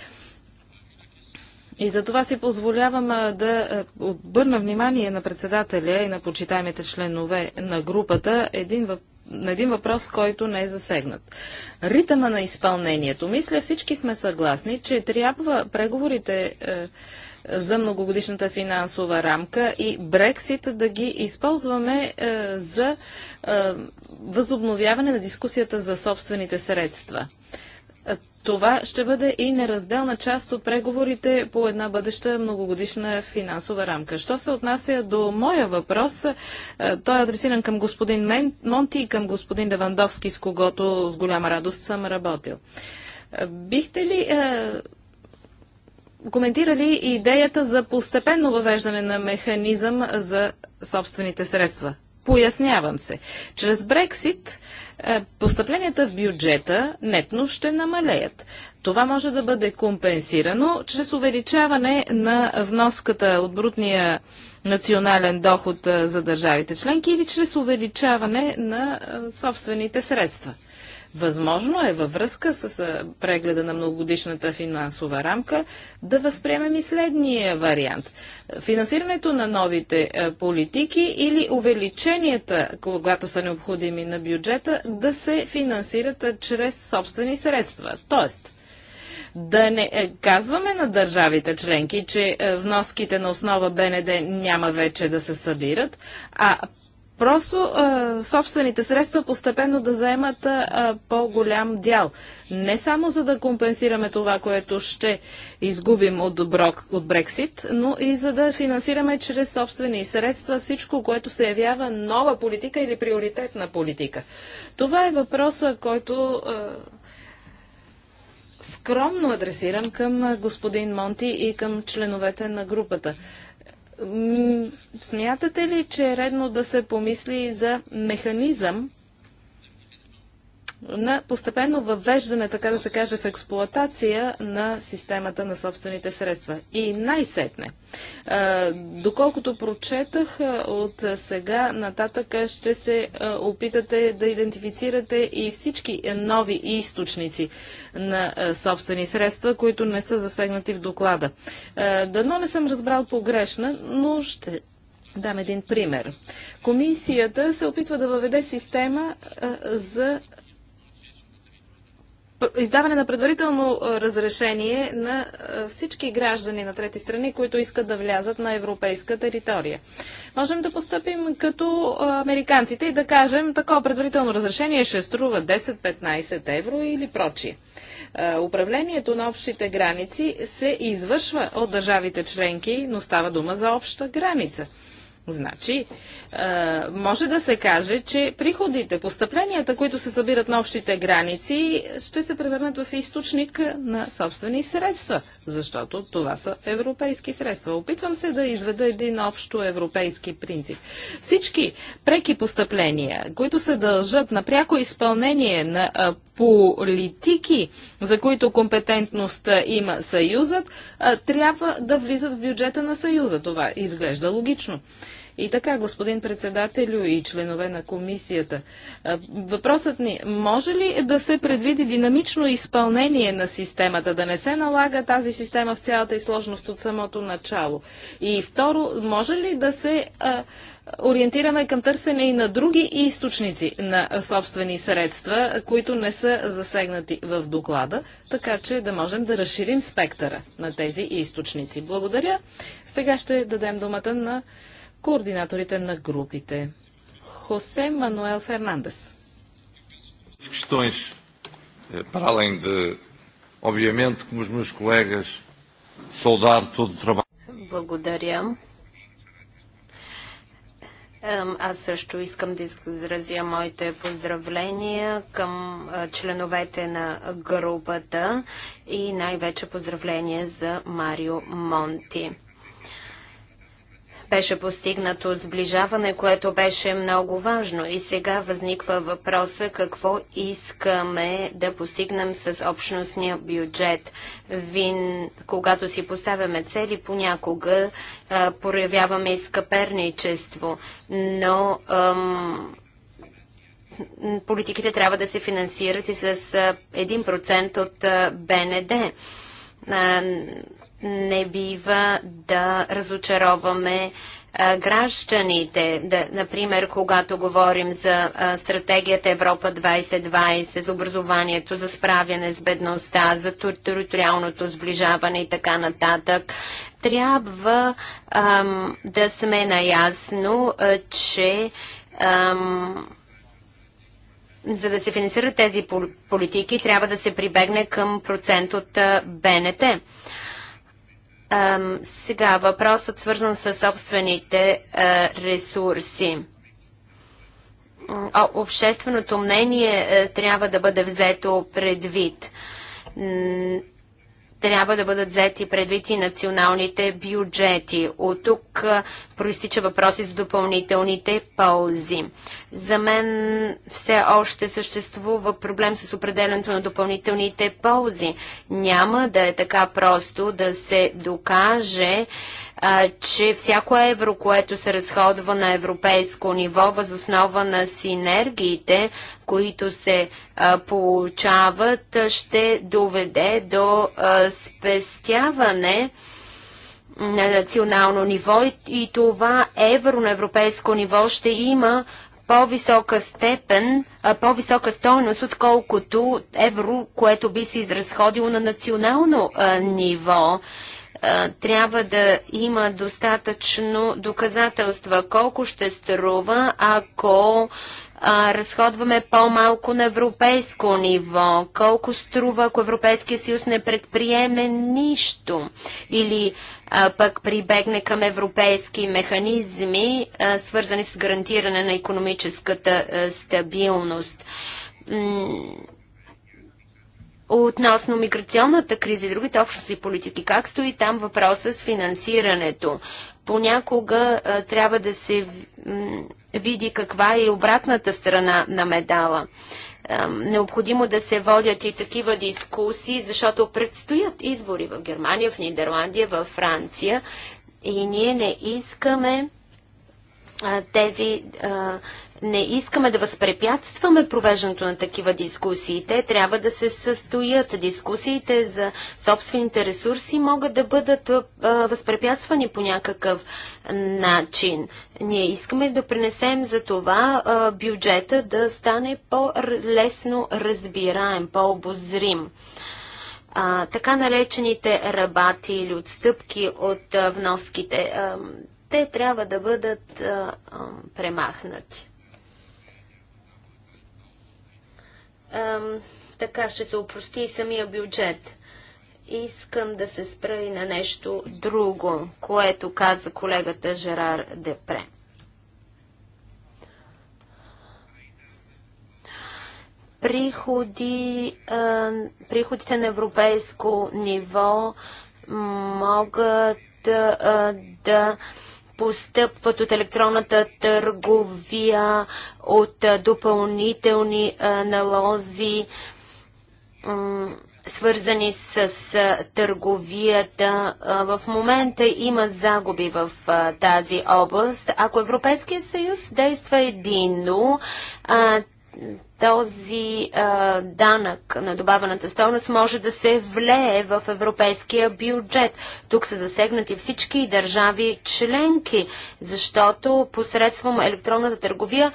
И за това си позволявам е, да обърна внимание на председателя и на почитаемите членове на групата един въпрос на един въпрос, който не е засегнат. Ритъма на изпълнението. Мисля, всички сме съгласни, че трябва преговорите е, за многогодишната финансова рамка и Брексит да ги използваме е, за е, възобновяване на дискусията за собствените средства. Това ще бъде и неразделна част от преговорите по една бъдеща многогодишна финансова рамка. Що се отнася до моя въпрос, е, той е адресиран към господин Монти и към господин Левандовски, с когото с голяма радост съм работил. Е, бихте ли е, коментирали идеята за постепенно въвеждане на механизъм за собствените средства? Пояснявам се. Чрез Брексит е, постъпленията в бюджета нетно ще намалеят. Това може да бъде компенсирано чрез увеличаване на вноската от брутния национален доход е, за държавите членки или чрез увеличаване на е, собствените средства. Възможно е във връзка с прегледа на многогодишната финансова рамка да възприемем и следния вариант. Финансирането на новите политики или увеличенията, когато са необходими на бюджета, да се финансират чрез собствени средства. Тоест, да не е, казваме на държавите членки, че е, вноските на основа БНД няма вече да се събират, а Просто а, собствените средства постепенно да заемат по-голям дял. Не само за да компенсираме това, което ще изгубим от, брок, от Брексит, но и за да финансираме чрез собствени средства всичко, което се явява нова политика или приоритетна политика. Това е въпросът, който. А, скромно адресирам към господин Монти и към членовете на групата. Смятате ли, че е редно да се помисли за механизъм, на постепенно въвеждане, така да се каже, в експлоатация на системата на собствените средства. И най-сетне, доколкото прочетах, от сега нататък ще се опитате да идентифицирате и всички нови източници на собствени средства, които не са засегнати в доклада. Дано не съм разбрал погрешна, но ще дам един пример. Комисията се опитва да въведе система за издаване на предварително разрешение на всички граждани на трети страни, които искат да влязат на европейска територия. Можем да поступим като американците и да кажем такова предварително разрешение ще струва 10-15 евро или прочие. Управлението на общите граници се извършва от държавите членки, но става дума за обща граница. Значи, може да се каже, че приходите, постъпленията, които се събират на общите граници, ще се превърнат в източник на собствени средства защото това са европейски средства. Опитвам се да изведа един общо европейски принцип. Всички преки постъпления, които се дължат на пряко изпълнение на политики, за които компетентността има Съюзът, трябва да влизат в бюджета на Съюза. Това изглежда логично. И така, господин председателю и членове на комисията, въпросът ни, може ли да се предвиди динамично изпълнение на системата, да не се налага тази система в цялата и сложност от самото начало? И второ, може ли да се ориентираме към търсене и на други източници на собствени средства, които не са засегнати в доклада, така че да можем да разширим спектъра на тези източници. Благодаря. Сега ще дадем думата на координаторите на групите. Хосе Мануел Фернандес. Questões, eh, para além de, obviamente, como os meus colegas, saudar todo o trabalho. Благодаря. Аз също искам да изразя моите поздравления към членовете на групата и най-вече поздравления за Марио Монти. Беше постигнато сближаване, което беше много важно. И сега възниква въпроса какво искаме да постигнем с общностния бюджет. Вин, когато си поставяме цели, понякога а, проявяваме изкъперничество, но ам, политиките трябва да се финансират и с 1% от БНД не бива да разочароваме гражданите. Да, например, когато говорим за а, стратегията Европа 2020, за образованието, за справяне с бедността, за териториалното сближаване и така нататък, трябва ам, да сме наясно, а, че ам, за да се финансират тези политики, трябва да се прибегне към процент от БНТ сега въпросът свързан с собствените а, е, ресурси. О, общественото мнение а, е, трябва да бъде взето предвид трябва да бъдат взети предвид и националните бюджети. От тук проистича въпроси за допълнителните ползи. За мен все още съществува проблем с определенето на допълнителните ползи. Няма да е така просто да се докаже, а, че всяко евро, което се разходва на европейско ниво, възоснова на синергиите, които се а, получават, ще доведе до а, спестяване на национално ниво и, и това евро на европейско ниво ще има по-висока степен, по-висока стойност, отколкото евро, което би се изразходило на национално а, ниво трябва да има достатъчно доказателства. Колко ще струва, ако а, разходваме по-малко на европейско ниво? Колко струва, ако Европейския съюз не предприеме нищо? Или а, пък прибегне към европейски механизми, а, свързани с гарантиране на економическата а, стабилност? М Относно миграционната криза и другите общности политики, как стои там въпроса с финансирането? Понякога а, трябва да се види каква е обратната страна на медала. А, необходимо да се водят и такива дискусии, защото предстоят избори в Германия, в Нидерландия, в Франция и ние не искаме тези не искаме да възпрепятстваме провеждането на такива дискусии. Те трябва да се състоят. Дискусиите за собствените ресурси могат да бъдат възпрепятствани по някакъв начин. Ние искаме да принесем за това бюджета да стане по-лесно разбираем, по-обозрим. така наречените рабати или отстъпки от а, вноските те трябва да бъдат а, а, премахнати. А, така ще се опрости и самия бюджет. Искам да се спра и на нещо друго, което каза колегата Жерар Депре. Приходи, а, приходите на европейско ниво могат а, да постъпват от електронната търговия, от допълнителни налози, свързани с търговията. В момента има загуби в тази област. Ако Европейския съюз действа единно, този а, данък на добавената стойност може да се влее в европейския бюджет. Тук са засегнати всички държави членки, защото посредством електронната търговия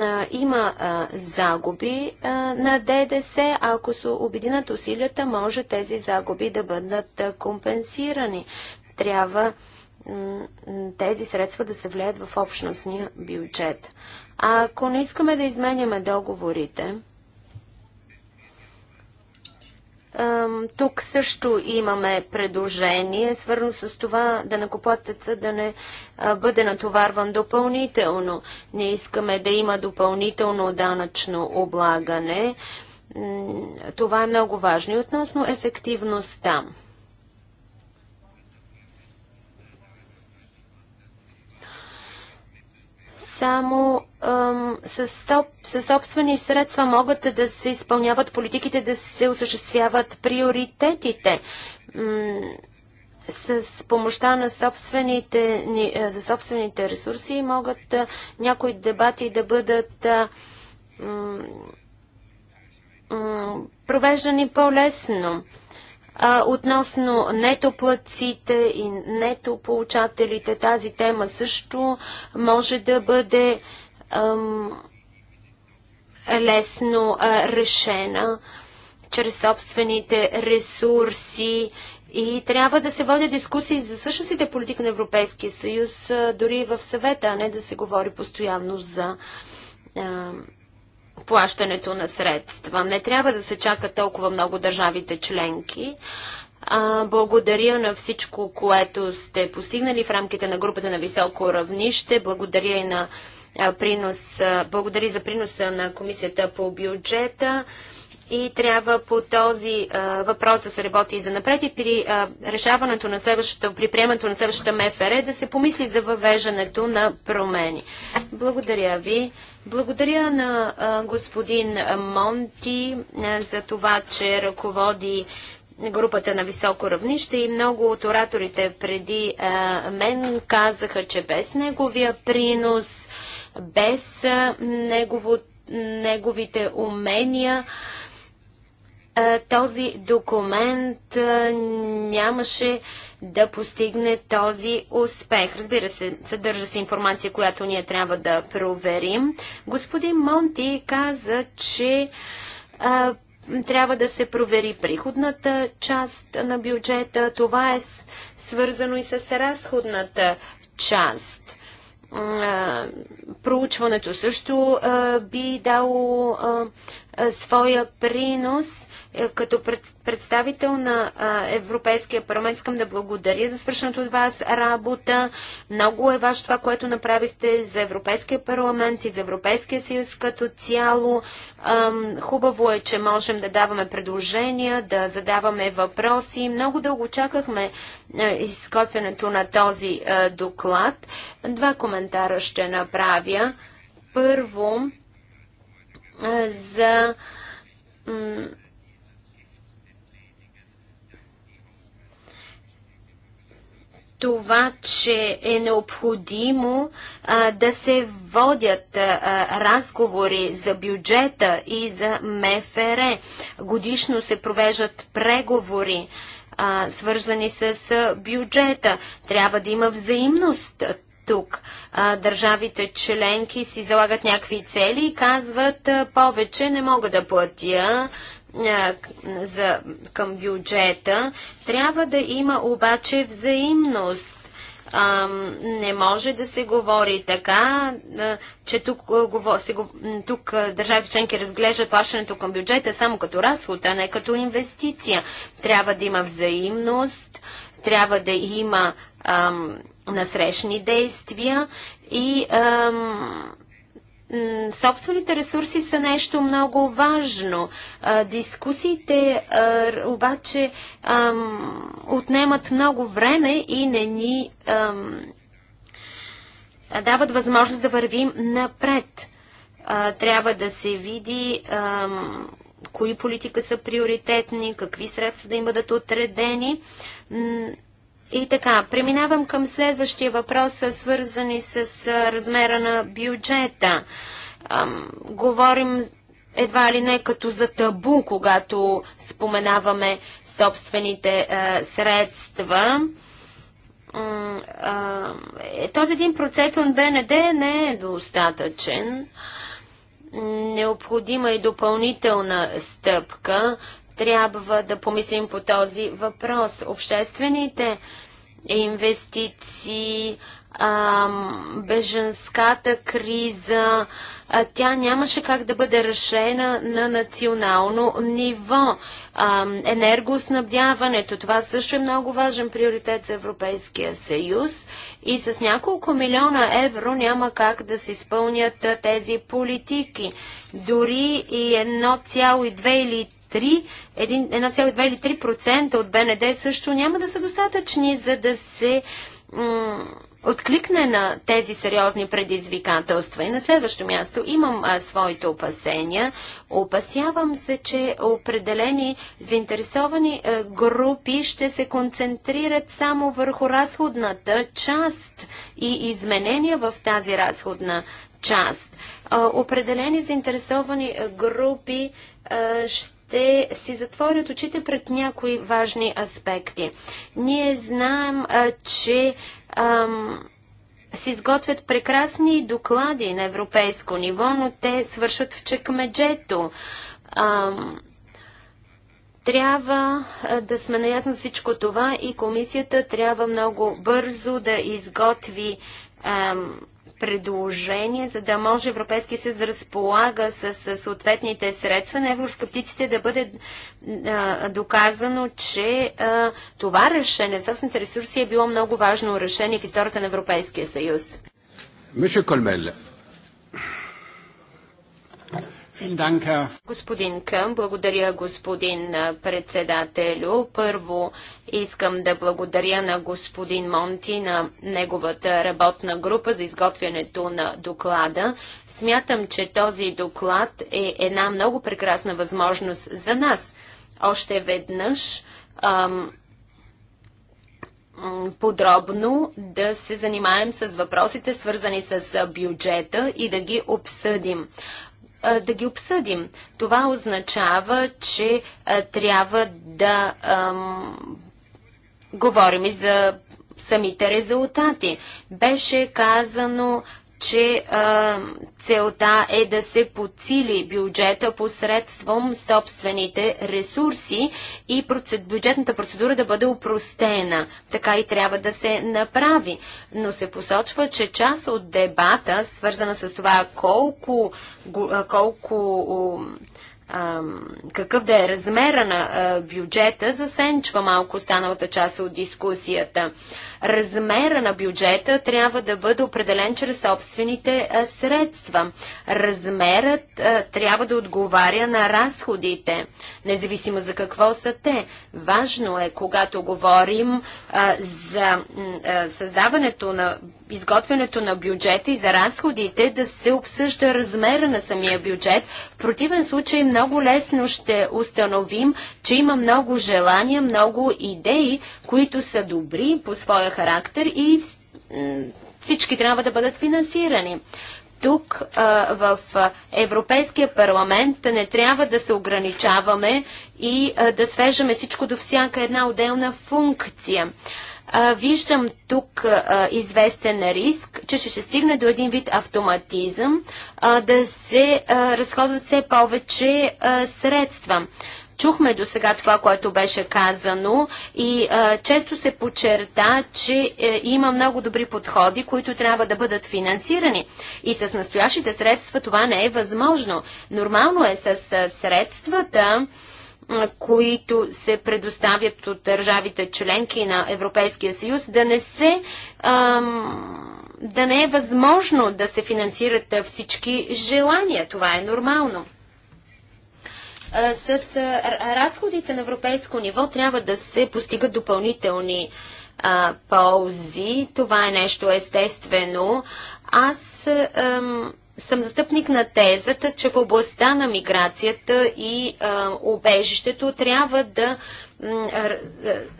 а, има а, загуби а, на ДДС. А ако се обединят усилията, може тези загуби да бъдат а, компенсирани. Трябва тези средства да се влеят в общностния бюджет. А ако не искаме да изменяме договорите, тук също имаме предложение, свързано с това да накоплатеца да не бъде натоварван допълнително. Не искаме да има допълнително данъчно облагане. Това е много важно. И относно ефективността. само ам, със, със собствени средства могат да се изпълняват политиките, да се осъществяват приоритетите. с помощта на собствените, е, за собствените ресурси могат а, е, някои дебати да бъдат а, е, провеждани по-лесно. А, относно нетоплаците и нетополучателите, тази тема също може да бъде ам, лесно а, решена чрез собствените ресурси и трябва да се водят дискусии за същностите политика на Европейския съюз, дори в съвета, а не да се говори постоянно за плащането на средства. Не трябва да се чака толкова много държавите членки. А, благодаря на всичко, което сте постигнали в рамките на групата на високо равнище. Благодаря и на а, принос, а, благодаря за приноса на Комисията по бюджета и трябва по този а, въпрос да се работи и за напред и при а, решаването на следващата, при приемането на следващата МФР да се помисли за въвеждането на промени. Благодаря ви. Благодаря на а, господин Монти за това, че ръководи групата на високо равнище и много от ораторите преди а, мен казаха, че без неговия принос, без а, негово, неговите умения, е, този документ е, нямаше да постигне този успех. Разбира се, съдържа се информация, която ние трябва да проверим. Господин Монти каза, че е, трябва да се провери приходната част на бюджета. Това е свързано и с разходната част проучването също би дало своя принос. Е, като представител на Европейския парламент искам да благодаря за свършената от вас работа. Много е важно това, което направихте за Европейския парламент и за Европейския съюз като цяло. Хубаво е, че можем да даваме предложения, да задаваме въпроси. Много дълго чакахме е, изготвянето на този е, доклад. Два коментара ще направя. Първо, за това, че е необходимо а, да се водят а, разговори за бюджета и за МФР. Годишно се провеждат преговори, а, свързани с а, бюджета. Трябва да има взаимност тук. А, държавите членки си залагат някакви цели и казват а, повече не мога да платя, за, към бюджета. Трябва да има обаче взаимност. А, не може да се говори така, че тук, а, тук държавите членки разглеждат плащането към бюджета само като разход, а не като инвестиция. Трябва да има взаимност, трябва да има насрещни действия и ам, Собствените ресурси са нещо много важно. Дискусиите обаче отнемат много време и не ни дават възможност да вървим напред. Трябва да се види кои политика са приоритетни, какви средства да им бъдат отредени. И така, преминавам към следващия въпрос, свързани с размера на бюджета. Ам, говорим едва ли не като за табу, когато споменаваме собствените а, средства. Е, този този процент от БНД не е достатъчен необходима и е допълнителна стъпка трябва да помислим по този въпрос. Обществените инвестиции, беженската криза, тя нямаше как да бъде решена на национално ниво. енергоснабдяването, това също е много важен приоритет за Европейския съюз и с няколко милиона евро няма как да се изпълнят тези политики. Дори и 1,2 или 1,2 или 3% от БНД също няма да са достатъчни, за да се откликне на тези сериозни предизвикателства. И на следващо място имам а, своите опасения. Опасявам се, че определени заинтересовани а, групи ще се концентрират само върху разходната част и изменения в тази разходна част. А, определени заинтересовани групи ще ще си затворят очите пред някои важни аспекти. Ние знаем, че ам, се изготвят прекрасни доклади на европейско ниво, но те свършват в чекмеджето. Ам, трябва да сме наясно всичко това и комисията трябва много бързо да изготви ам, предложение, за да може Европейския съюз да разполага с, с съответните средства на евроскептиците да бъде а, доказано, че а, това решение за собствените ресурси е било много важно решение в историята на Европейския съюз. Мише Колмеле, Господин Към, благодаря господин председателю. Първо искам да благодаря на господин Монти, на неговата работна група за изготвянето на доклада. Смятам, че този доклад е една много прекрасна възможност за нас. Още веднъж ам, подробно да се занимаем с въпросите, свързани с бюджета и да ги обсъдим да ги обсъдим. Това означава, че трябва да ам, говорим и за самите резултати. Беше казано, че а, целта е да се подсили бюджета посредством собствените ресурси и процед, бюджетната процедура да бъде упростена. Така и трябва да се направи. Но се посочва, че част от дебата, свързана с това колко, колко какъв да е размера на бюджета, засенчва малко останалата част от дискусията. Размера на бюджета трябва да бъде определен чрез собствените средства. Размерът трябва да отговаря на разходите, независимо за какво са те. Важно е, когато говорим за създаването на изготвянето на бюджета и за разходите да се обсъжда размера на самия бюджет. В противен случай много лесно ще установим, че има много желания, много идеи, които са добри по своя характер и всички трябва да бъдат финансирани тук в Европейския парламент не трябва да се ограничаваме и да свежаме всичко до всяка една отделна функция виждам тук а, известен риск, че ще, ще стигне до един вид автоматизъм, а, да се а, разходват все повече а, средства. Чухме до сега това, което беше казано и а, често се почерта, че е, има много добри подходи, които трябва да бъдат финансирани. И с настоящите средства това не е възможно. Нормално е с а, средствата. Да които се предоставят от държавите членки на Европейския съюз, да не се да не е възможно да се финансират всички желания. Това е нормално. С разходите на европейско ниво трябва да се постигат допълнителни а, ползи. Това е нещо естествено. Аз ам, съм застъпник на тезата, че в областта на миграцията и а, убежището трябва да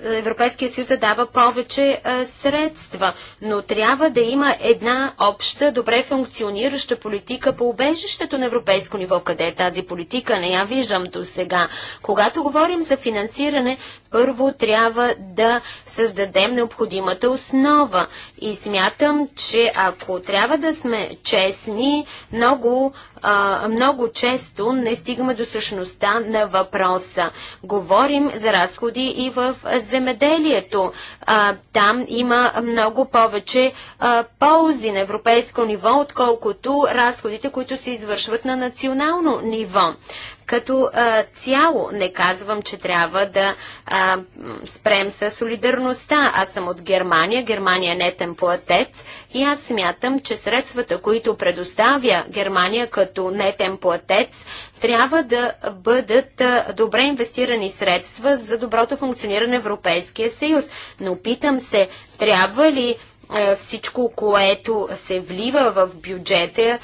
Европейския съюз да дава повече средства, но трябва да има една обща, добре функционираща политика по убежището на европейско ниво. Къде е тази политика? Не я виждам до сега. Когато говорим за финансиране, първо трябва да създадем необходимата основа. И смятам, че ако трябва да сме честни, много, много често не стигаме до същността на въпроса. Говорим за раз разходи и в земеделието. А, там има много повече а, ползи на европейско ниво, отколкото разходите, които се извършват на национално ниво. Като а, цяло не казвам, че трябва да а, спрем с солидарността. Аз съм от Германия, Германия е нетен платец и аз смятам, че средствата, които предоставя Германия като нетен платец, трябва да бъдат добре инвестирани средства за доброто функциониране на Европейския съюз. Но питам се, трябва ли всичко, което се влива в бюджета,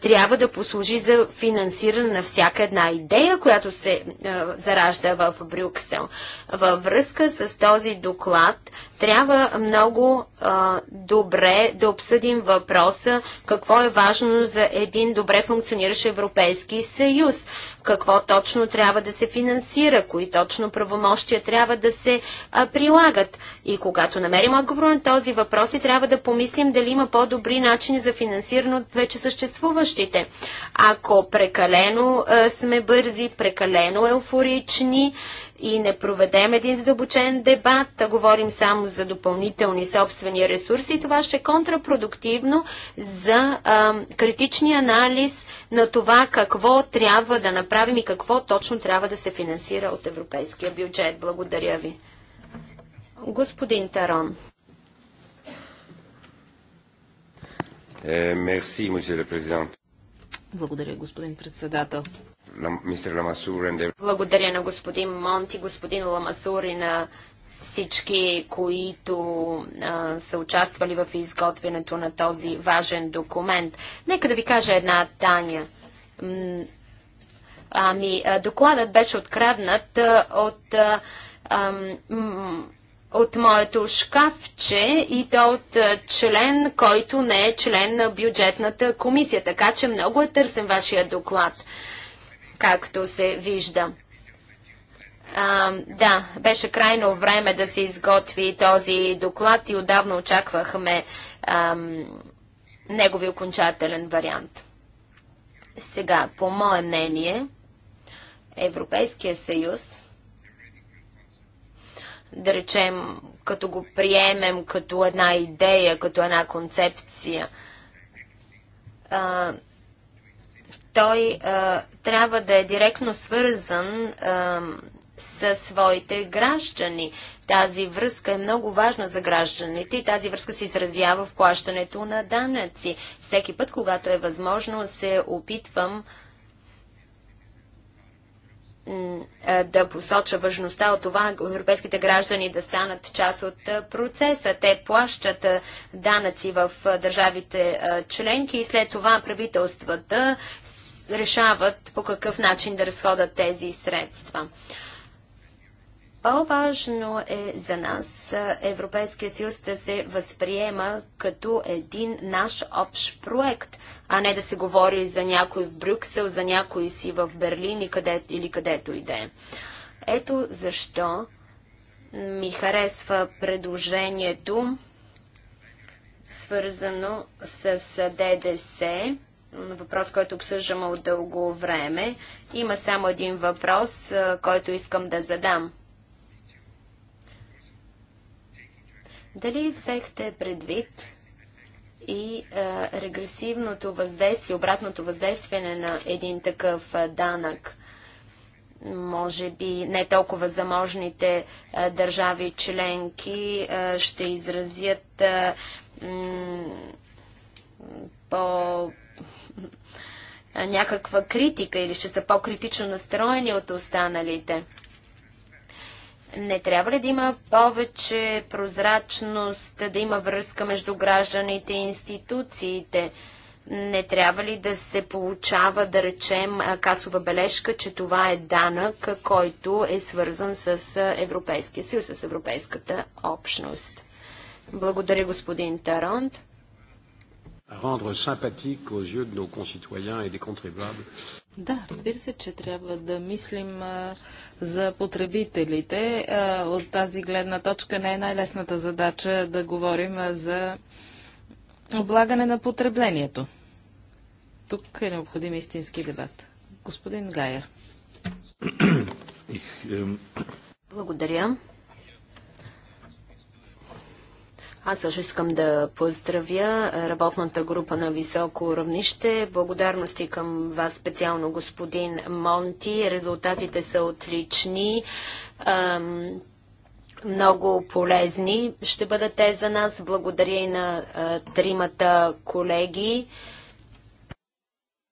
трябва да послужи за финансиране на всяка една идея, която се заражда в Брюксел. Във връзка с този доклад трябва много добре да обсъдим въпроса какво е важно за един добре функциониращ Европейски съюз, какво точно трябва да се финансира, кои точно правомощия трябва да се а, прилагат. И когато намерим отговор на този въпрос, и трябва да помислим дали има по-добри начини за финансиране от вече съществуващите съществуващите. Ако прекалено е, сме бързи, прекалено еуфорични и не проведем един задълбочен дебат, да говорим само за допълнителни собствени ресурси, това ще е контрапродуктивно за а, е, критичния анализ на това какво трябва да направим и какво точно трябва да се финансира от европейския бюджет. Благодаря ви. Господин Тарон. Е, мерси, президент. Благодаря, господин председател. Благодаря на господин Монти, господин Ламасур и на всички, които а, са участвали в изготвянето на този важен документ. Нека да ви кажа една таня. Ами, докладът беше откраднат от а, от моето шкафче и то от е, член, който не е член на бюджетната комисия. Така че много е търсен вашия доклад, както се вижда. А, да, беше крайно време да се изготви този доклад и отдавна очаквахме ам, негови окончателен вариант. Сега, по мое мнение, Европейския съюз да речем, като го приемем като една идея, като една концепция, а, той а, трябва да е директно свързан а, със своите граждани. Тази връзка е много важна за гражданите и тази връзка се изразява в плащането на данъци. Всеки път, когато е възможно, се опитвам а, да посоча важността от това европейските граждани да станат част от процеса. Те плащат данъци в държавите членки и след това правителствата решават по какъв начин да разходят тези средства. По-важно е за нас Европейския съюз да се възприема като един наш общ проект, а не да се говори за някой в Брюксел, за някой си в Берлин или където и да е. Ето защо ми харесва предложението, свързано с ДДС въпрос, който обсъждаме от дълго време. Има само един въпрос, който искам да задам. Дали взехте предвид и а, регресивното въздействие, обратното въздействие на един такъв а, данък? Може би не толкова заможните а, държави членки а, ще изразят а, по някаква критика или ще са по-критично настроени от останалите. Не трябва ли да има повече прозрачност, да има връзка между гражданите и институциите? Не трябва ли да се получава, да речем, касова бележка, че това е данък, който е свързан с Европейския съюз, с Европейската общност? Благодаря, господин Таронт rendre sympathique aux yeux de nos concitoyens et des contribuables. Да, разбира се, че трябва да мислим а, за потребителите. А, от тази гледна точка не е най-лесната задача да говорим а, за облагане на потреблението. Тук е необходим истински дебат. Господин Гайер. Благодаря. Аз също искам да поздравя работната група на високо равнище. Благодарности към вас специално, господин Монти. Резултатите са отлични. Ам, много полезни ще бъдат те за нас. Благодаря и на а, тримата колеги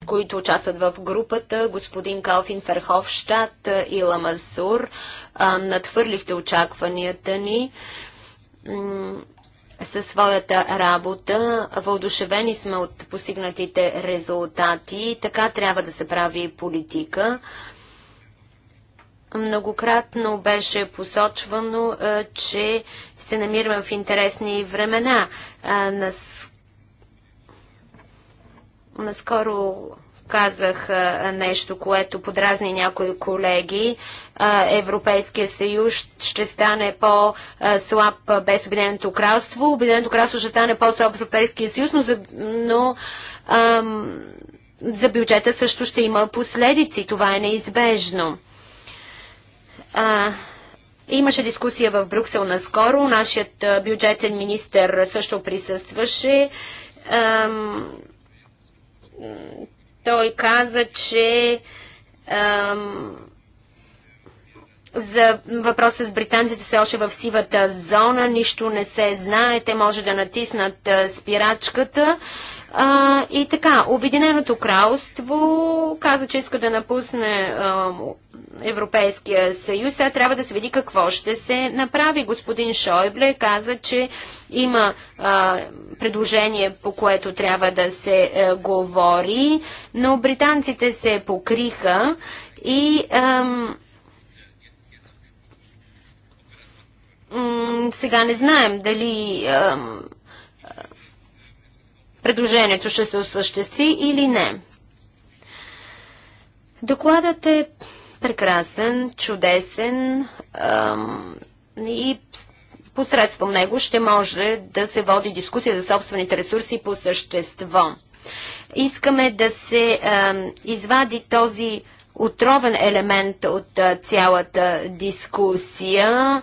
които участват в групата, господин Калфин Ферховщад и Ламасур. Надхвърлихте очакванията ни със своята работа. Въодушевени сме от постигнатите резултати. Така трябва да се прави политика. Многократно беше посочвано, е, че се намираме в интересни времена. Е, Наскоро казах нещо, което подразни някои колеги. Европейския съюз ще стане по-слаб без Обединеното кралство. Обединеното кралство ще стане по-слаб в Европейския съюз, но, но ам, за бюджета също ще има последици. Това е неизбежно. А, Имаше дискусия в Брюксел наскоро. Нашият бюджетен министр също присъстваше. Ам, той каза, че ам, за въпроса с британците се още в сивата зона, нищо не се знае, те може да натиснат спирачката. А, и така, Обединеното кралство каза, че иска да напусне а, Европейския съюз. Сега трябва да се види какво ще се направи. Господин Шойбле каза, че има а, предложение, по което трябва да се а, говори, но британците се покриха и. сега не знаем дали предложението ще се осъществи или не. Докладът е прекрасен, чудесен и посредством него ще може да се води дискусия за собствените ресурси по същество. Искаме да се извади този отровен елемент от цялата дискусия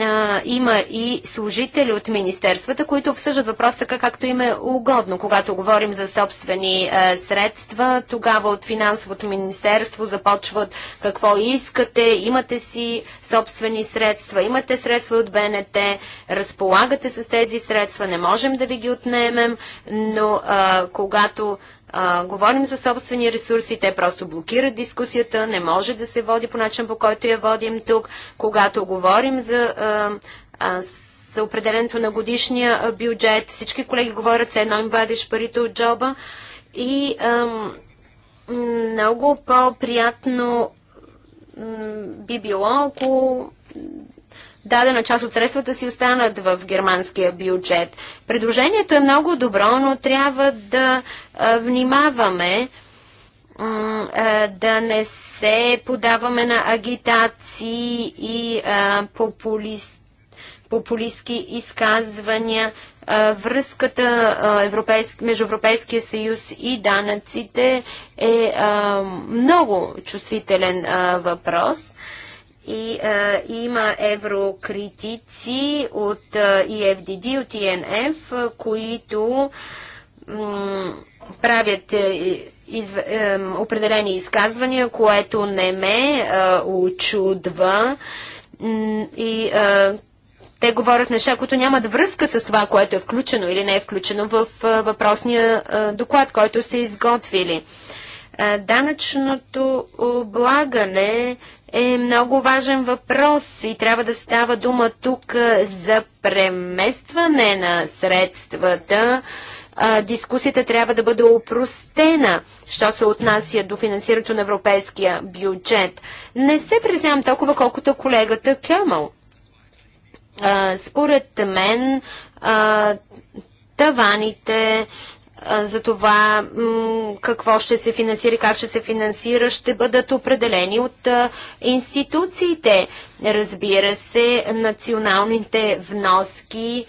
а, има и служители от министерствата, които обсъждат въпрос така, както им е угодно. Когато говорим за собствени а, средства, тогава от финансовото министерство започват какво искате, имате си собствени средства, имате средства от БНТ, разполагате с тези средства, не можем да ви ги отнемем, но а, когато а, говорим за собствени ресурси, те просто блокират дискусията, не може да се води по начин, по който я водим тук. Когато говорим за а, а, за определенето на годишния бюджет. Всички колеги говорят, се едно им вадиш парите от джоба. И а, много по-приятно би било, ако дадена част от средствата си останат в германския бюджет. Предложението е много добро, но трябва да внимаваме да не се подаваме на агитации и популист, популистски изказвания. Връзката между Европейския съюз и данъците е много чувствителен въпрос – и а, е, има еврокритици от EFDD, е, от ИНФ, които правят е, из, е, определени изказвания, което не ме е, очудва. И е, те говорят неща, които нямат връзка с това, което е включено или не е включено в въпросния е, доклад, който сте изготвили. Е, данъчното облагане е много важен въпрос и трябва да става дума тук за преместване на средствата. дискусията трябва да бъде упростена, що се отнася до финансирането на европейския бюджет. Не се презявам толкова, колкото колегата Кемъл. Според мен таваните за това какво ще се финансира и как ще се финансира, ще бъдат определени от институциите. Разбира се, националните вноски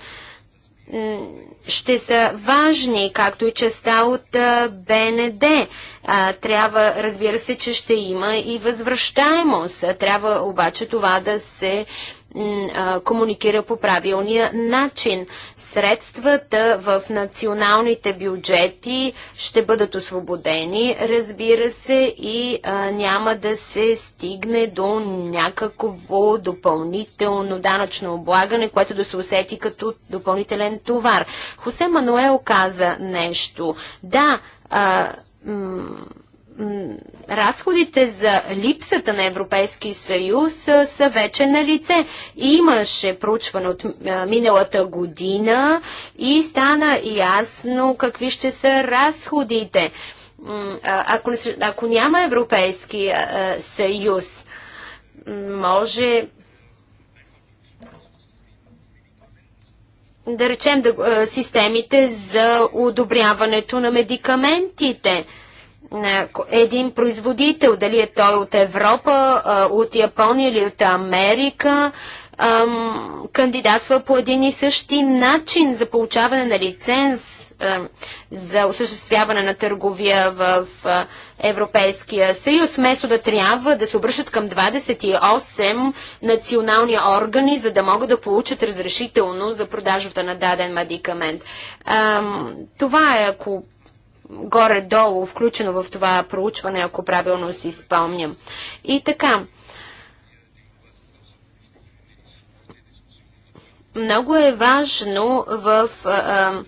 ще са важни, както и частта от БНД. Трябва, разбира се, че ще има и възвръщаемост. Трябва обаче това да се комуникира по правилния начин. Средствата в националните бюджети ще бъдат освободени, разбира се, и а, няма да се стигне до някакво допълнително данъчно облагане, което да се усети като допълнителен товар. Хосе Мануел каза нещо. Да, а, разходите за липсата на Европейски съюз са, вече на лице. Имаше проучване от миналата година и стана ясно какви ще са разходите, ако, ако няма Европейски съюз. Може да речем да, системите за одобряването на медикаментите – един производител, дали е той от Европа, от Япония или от Америка, кандидатства по един и същи начин за получаване на лиценз за осъществяване на търговия в Европейския съюз, вместо да трябва да се обръщат към 28 национални органи, за да могат да получат разрешително за продажата на даден медикамент. Това е, ако горе-долу включено в това проучване, ако правилно си спомням. И така, много е важно в а,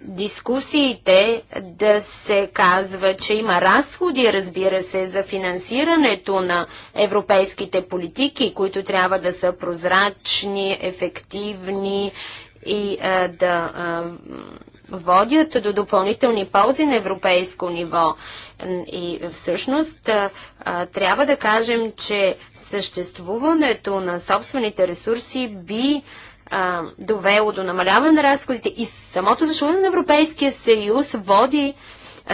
дискусиите да се казва, че има разходи, разбира се, за финансирането на европейските политики, които трябва да са прозрачни, ефективни и а, да а, водят до допълнителни ползи на европейско ниво. И всъщност трябва да кажем, че съществуването на собствените ресурси би довело до намаляване на разходите и самото съществуване на Европейския съюз води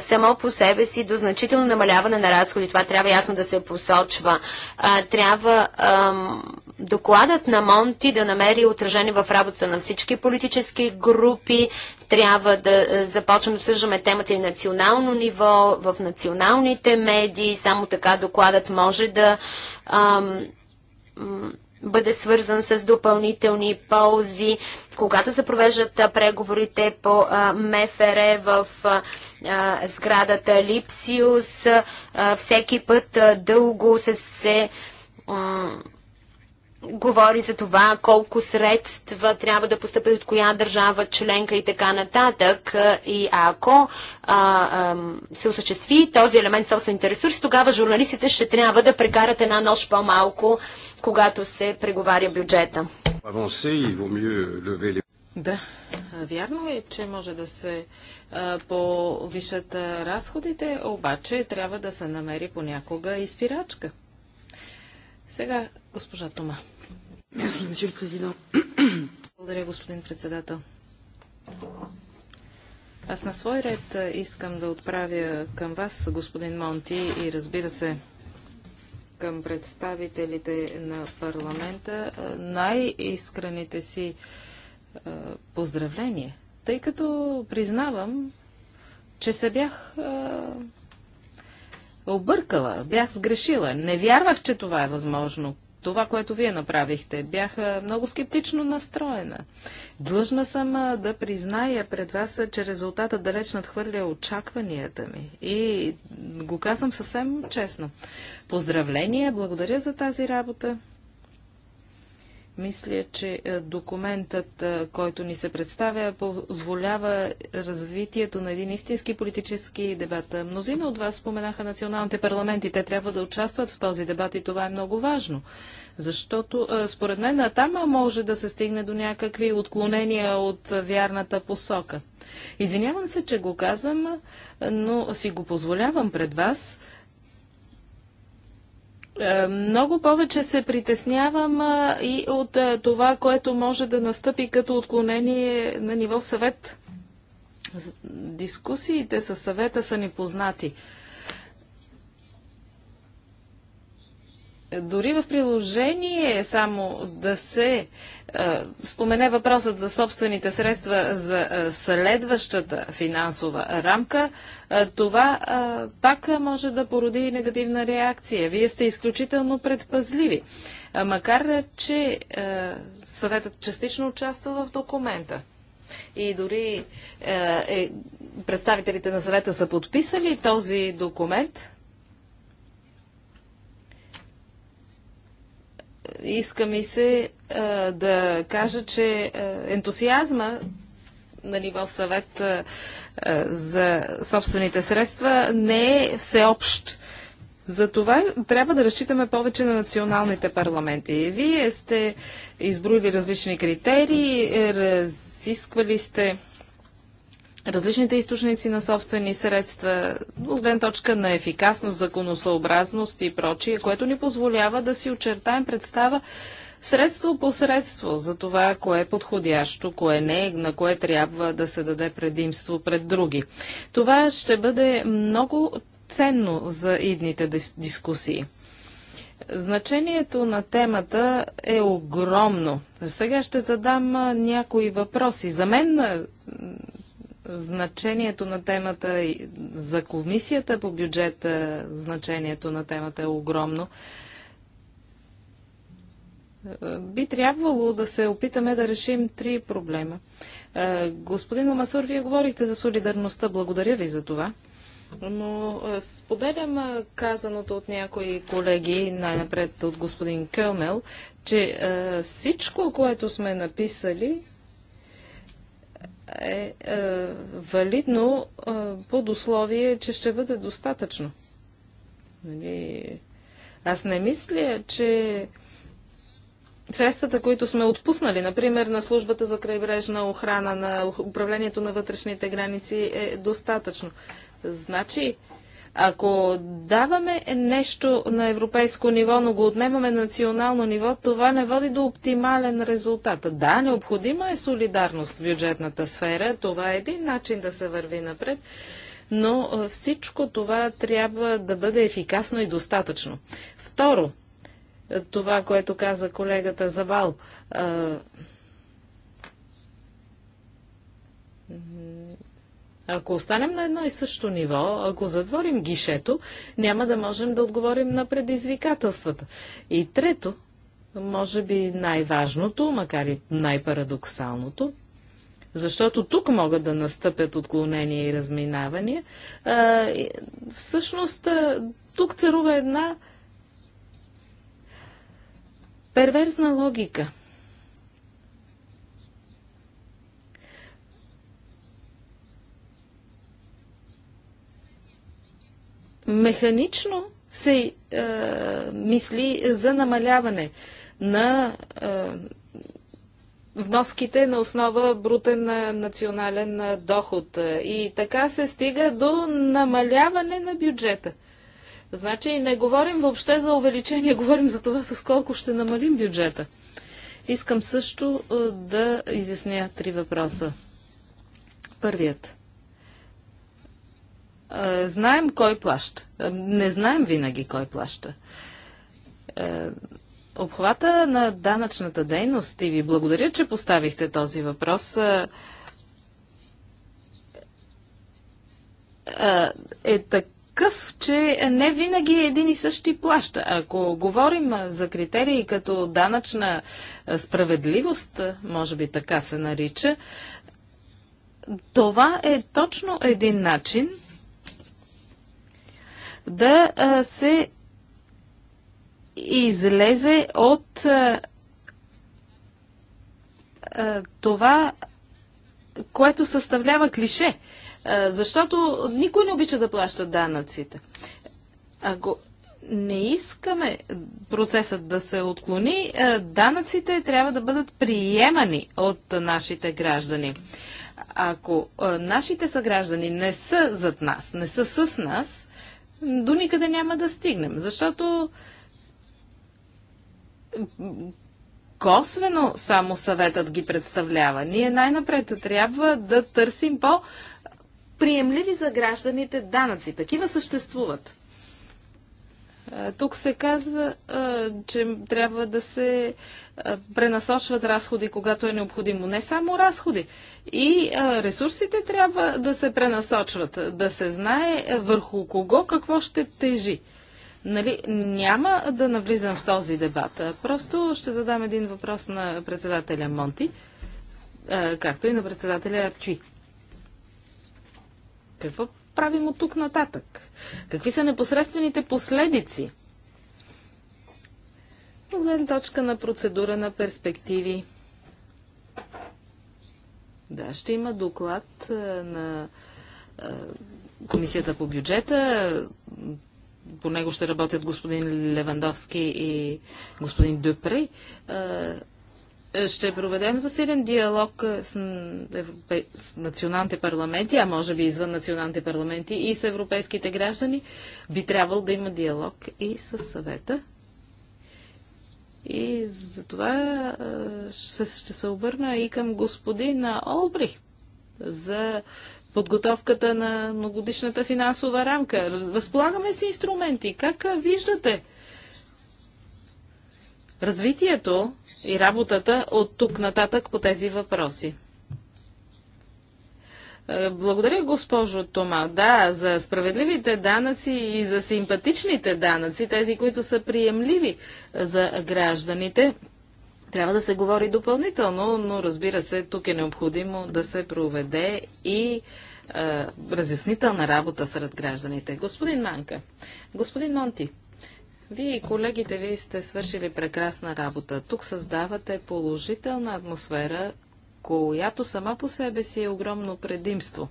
само по себе си до значително намаляване на разходи. Това трябва ясно да се посочва. Трябва докладът на Монти да намери отражение в работата на всички политически групи. Трябва да е, започнем да обсъждаме темата и национално ниво, в националните медии. Само така докладът може да ам, бъде свързан с допълнителни ползи. Когато се провеждат преговорите по а, МФР е в а, сградата Липсиус, всеки път дълго се, се говори за това колко средства трябва да поступят от коя държава членка и така нататък. И ако а, а, се осъществи този елемент собствените ресурси, тогава журналистите ще трябва да прекарат една нощ по-малко, когато се преговаря бюджета. Да, вярно е, че може да се повишат разходите, обаче трябва да се намери понякога и спирачка. Сега госпожа Тома. Мерси, месье президент. Благодаря, господин председател. Аз на свой ред искам да отправя към вас, господин Монти, и разбира се, към представителите на парламента най-искрените си поздравления, тъй като признавам, че се бях объркала, бях сгрешила. Не вярвах, че това е възможно. Това, което вие направихте, бях много скептично настроена. Длъжна съм да призная пред вас, че резултатът далеч надхвърля очакванията ми. И го казвам съвсем честно. Поздравления, благодаря за тази работа. Мисля, че е, документът, е, който ни се представя, позволява развитието на един истински политически дебат. Мнозина от вас споменаха националните парламенти. Те трябва да участват в този дебат и това е много важно. Защото, е, според мен, там може да се стигне до някакви отклонения от вярната посока. Извинявам се, че го казвам, но си го позволявам пред вас – е, много повече се притеснявам и от това, което може да настъпи като отклонение на ниво съвет. Дискусиите със съвета са непознати. познати. дори в приложение само да се а, спомене въпросът за собствените средства за а, следващата финансова рамка, а, това пак може да породи негативна реакция. Вие сте изключително предпазливи, макар че съветът частично участва в документа. И дори е, е, представителите на съвета са подписали този документ, иска ми се а, да кажа, че а, ентусиазма на ниво съвет а, за собствените средства не е всеобщ. За това трябва да разчитаме повече на националните парламенти. Вие сте изброили различни критерии, е, разисквали сте различните източници на собствени средства, от гледна точка на ефикасност, законосъобразност и прочие, което ни позволява да си очертаем представа средство по средство за това, кое е подходящо, кое не, на кое трябва да се даде предимство пред други. Това ще бъде много ценно за идните дис дискусии. Значението на темата е огромно. Сега ще задам някои въпроси. За мен значението на темата за комисията по бюджета, значението на темата е огромно. Е, би трябвало да се опитаме да решим три проблема. Е, господин Ламасур, вие говорихте за солидарността. Благодаря ви за това. Но е, споделям казаното от някои колеги, най-напред от господин Кълмел, че всичко, което сме написали, е, е валидно е, под условие, че ще бъде достатъчно. Нали? Аз не мисля, че средствата, които сме отпуснали, например, на службата за крайбрежна охрана, на управлението на вътрешните граници, е достатъчно. Значи, ако даваме нещо на европейско ниво, но го отнемаме на национално ниво, това не води до оптимален резултат. Да, необходима е солидарност в бюджетната сфера. Това е един начин да се върви напред но всичко това трябва да бъде ефикасно и достатъчно. Второ, това, което каза колегата Завал, Ако останем на едно и също ниво, ако затворим гишето, няма да можем да отговорим на предизвикателствата. И трето, може би най-важното, макар и най-парадоксалното, защото тук могат да настъпят отклонения и разминавания, всъщност тук царува една перверзна логика – механично се е, мисли за намаляване на е, вноските на основа брутен е, национален е, доход. И така се стига до намаляване на бюджета. Значи не говорим въобще за увеличение, говорим за това с колко ще намалим бюджета. Искам също е, да изясня три въпроса. Първият. Е, знаем кой плаща. Е, не знаем винаги кой плаща. Е, обхвата на данъчната дейност и ви благодаря, че поставихте този въпрос. Е такъв, че не винаги един и същи плаща. Ако говорим за критерии като данъчна справедливост, може би така се нарича, това е точно един начин да се излезе от това, което съставлява клише. Защото никой не обича да плаща данъците. Ако не искаме процесът да се отклони, данъците трябва да бъдат приемани от нашите граждани. Ако нашите съграждани не са зад нас, не са с нас, до никъде няма да стигнем, защото косвено само съветът ги представлява. Ние най-напред трябва да търсим по- приемливи за гражданите данъци. Такива съществуват. Тук се казва, че трябва да се пренасочват разходи, когато е необходимо. Не само разходи. И ресурсите трябва да се пренасочват, да се знае върху кого какво ще тежи. Нали, няма да навлизам в този дебат. Просто ще задам един въпрос на председателя Монти, както и на председателя Арчи. Какво правим от тук нататък? Какви са непосредствените последици? От точка на процедура на перспективи. Да, ще има доклад на Комисията по бюджета. По него ще работят господин Левандовски и господин Дюпре ще проведем засилен диалог с, европе... с националните парламенти, а може би извън националните парламенти и с европейските граждани. Би трябвало да има диалог и с съвета. И за това ще, ще се обърна и към господина Олбрих за подготовката на многодишната финансова рамка. Разполагаме си инструменти. Как виждате развитието и работата от тук нататък по тези въпроси. Е, благодаря, госпожо Тома. Да, за справедливите данъци и за симпатичните данъци, тези, които са приемливи за гражданите, трябва да се говори допълнително, но разбира се, тук е необходимо да се проведе и е, разяснителна работа сред гражданите. Господин Манка, господин Монти, вие и колегите ви сте свършили прекрасна работа. Тук създавате положителна атмосфера, която сама по себе си е огромно предимство.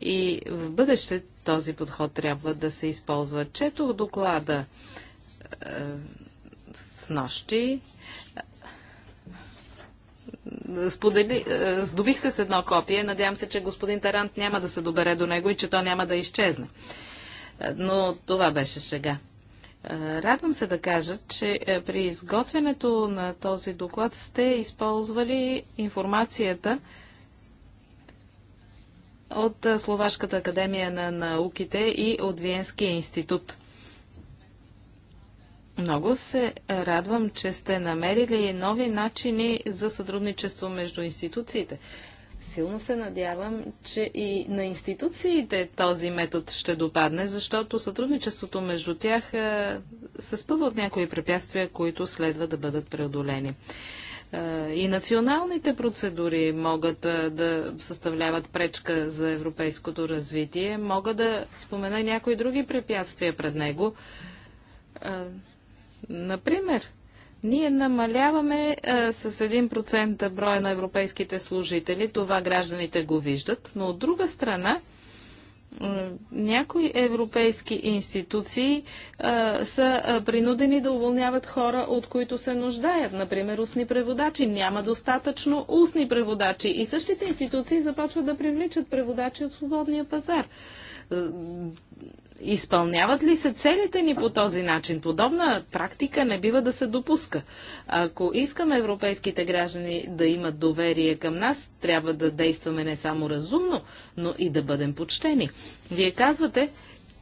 И в бъдеще този подход трябва да се използва. Четох доклада е, с нощи. Сподели, е, здобих се с едно копие. Надявам се, че господин Тарант няма да се добере до него и че то няма да изчезне. Е, но това беше шега. Е, радвам се да кажа, че е, при изготвянето на този доклад сте използвали информацията от е, Словашката академия на науките и от Виенския институт. Много се радвам, че сте намерили нови начини за сътрудничество между институциите. Силно се надявам, че и на институциите този метод ще допадне, защото сътрудничеството между тях е, се спъва от някои препятствия, които следва да бъдат преодолени. Е, и националните процедури могат е, да съставляват пречка за европейското развитие. Мога да спомена някои други препятствия пред него. Например, ние намаляваме а, с 1% броя на европейските служители. Това гражданите го виждат. Но от друга страна, някои европейски институции а, са а, принудени да уволняват хора, от които се нуждаят. Например, устни преводачи. Няма достатъчно устни преводачи. И същите институции започват да привличат преводачи от свободния пазар. Изпълняват ли се целите ни по този начин? Подобна практика не бива да се допуска. Ако искаме европейските граждани да имат доверие към нас, трябва да действаме не само разумно, но и да бъдем почтени. Вие казвате,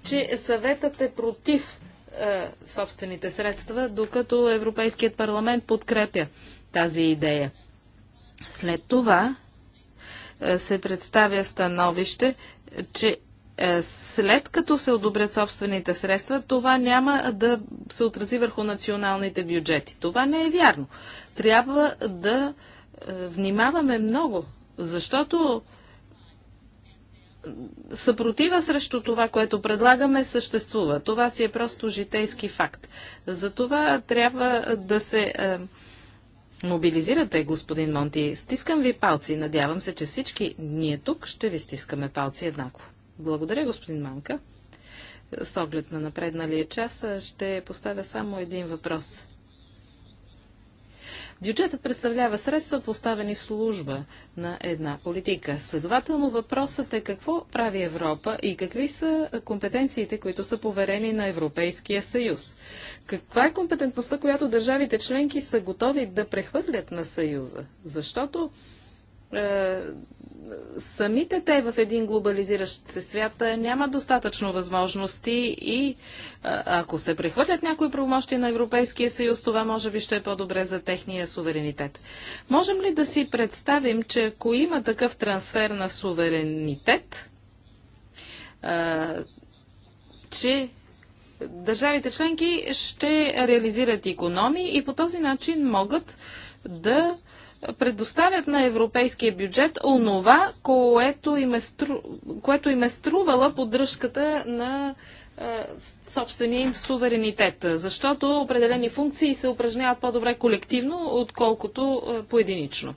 че съветът е против е, собствените средства, докато Европейският парламент подкрепя тази идея. След това е, се представя становище, че е, след като се одобрят собствените средства, това няма да се отрази върху националните бюджети. Това не е вярно. Трябва да е, внимаваме много, защото съпротива срещу това, което предлагаме, съществува. Това си е просто житейски факт. За това трябва да се е, мобилизирате, господин Монти. Стискам ви палци. Надявам се, че всички ние тук ще ви стискаме палци еднакво. Благодаря, господин Манка. С оглед на напредналия час ще поставя само един въпрос. Бюджетът представлява средства, поставени в служба на една политика. Следователно въпросът е какво прави Европа и какви са компетенциите, които са поверени на Европейския съюз. Каква е компетентността, която държавите членки са готови да прехвърлят на съюза? Защото е, самите те в един глобализиращ се свят е, няма достатъчно възможности и е, ако се прехвърлят някои правомощия на Европейския съюз, това може би ще е по-добре за техния суверенитет. Можем ли да си представим, че ако има такъв трансфер на суверенитет, че държавите членки ще реализират економии и по този начин могат да а, предоставят на европейския бюджет онова, което им е, стру... което им е струвала поддръжката на собствения им суверенитет, защото определени функции се упражняват по-добре колективно, отколкото поединично.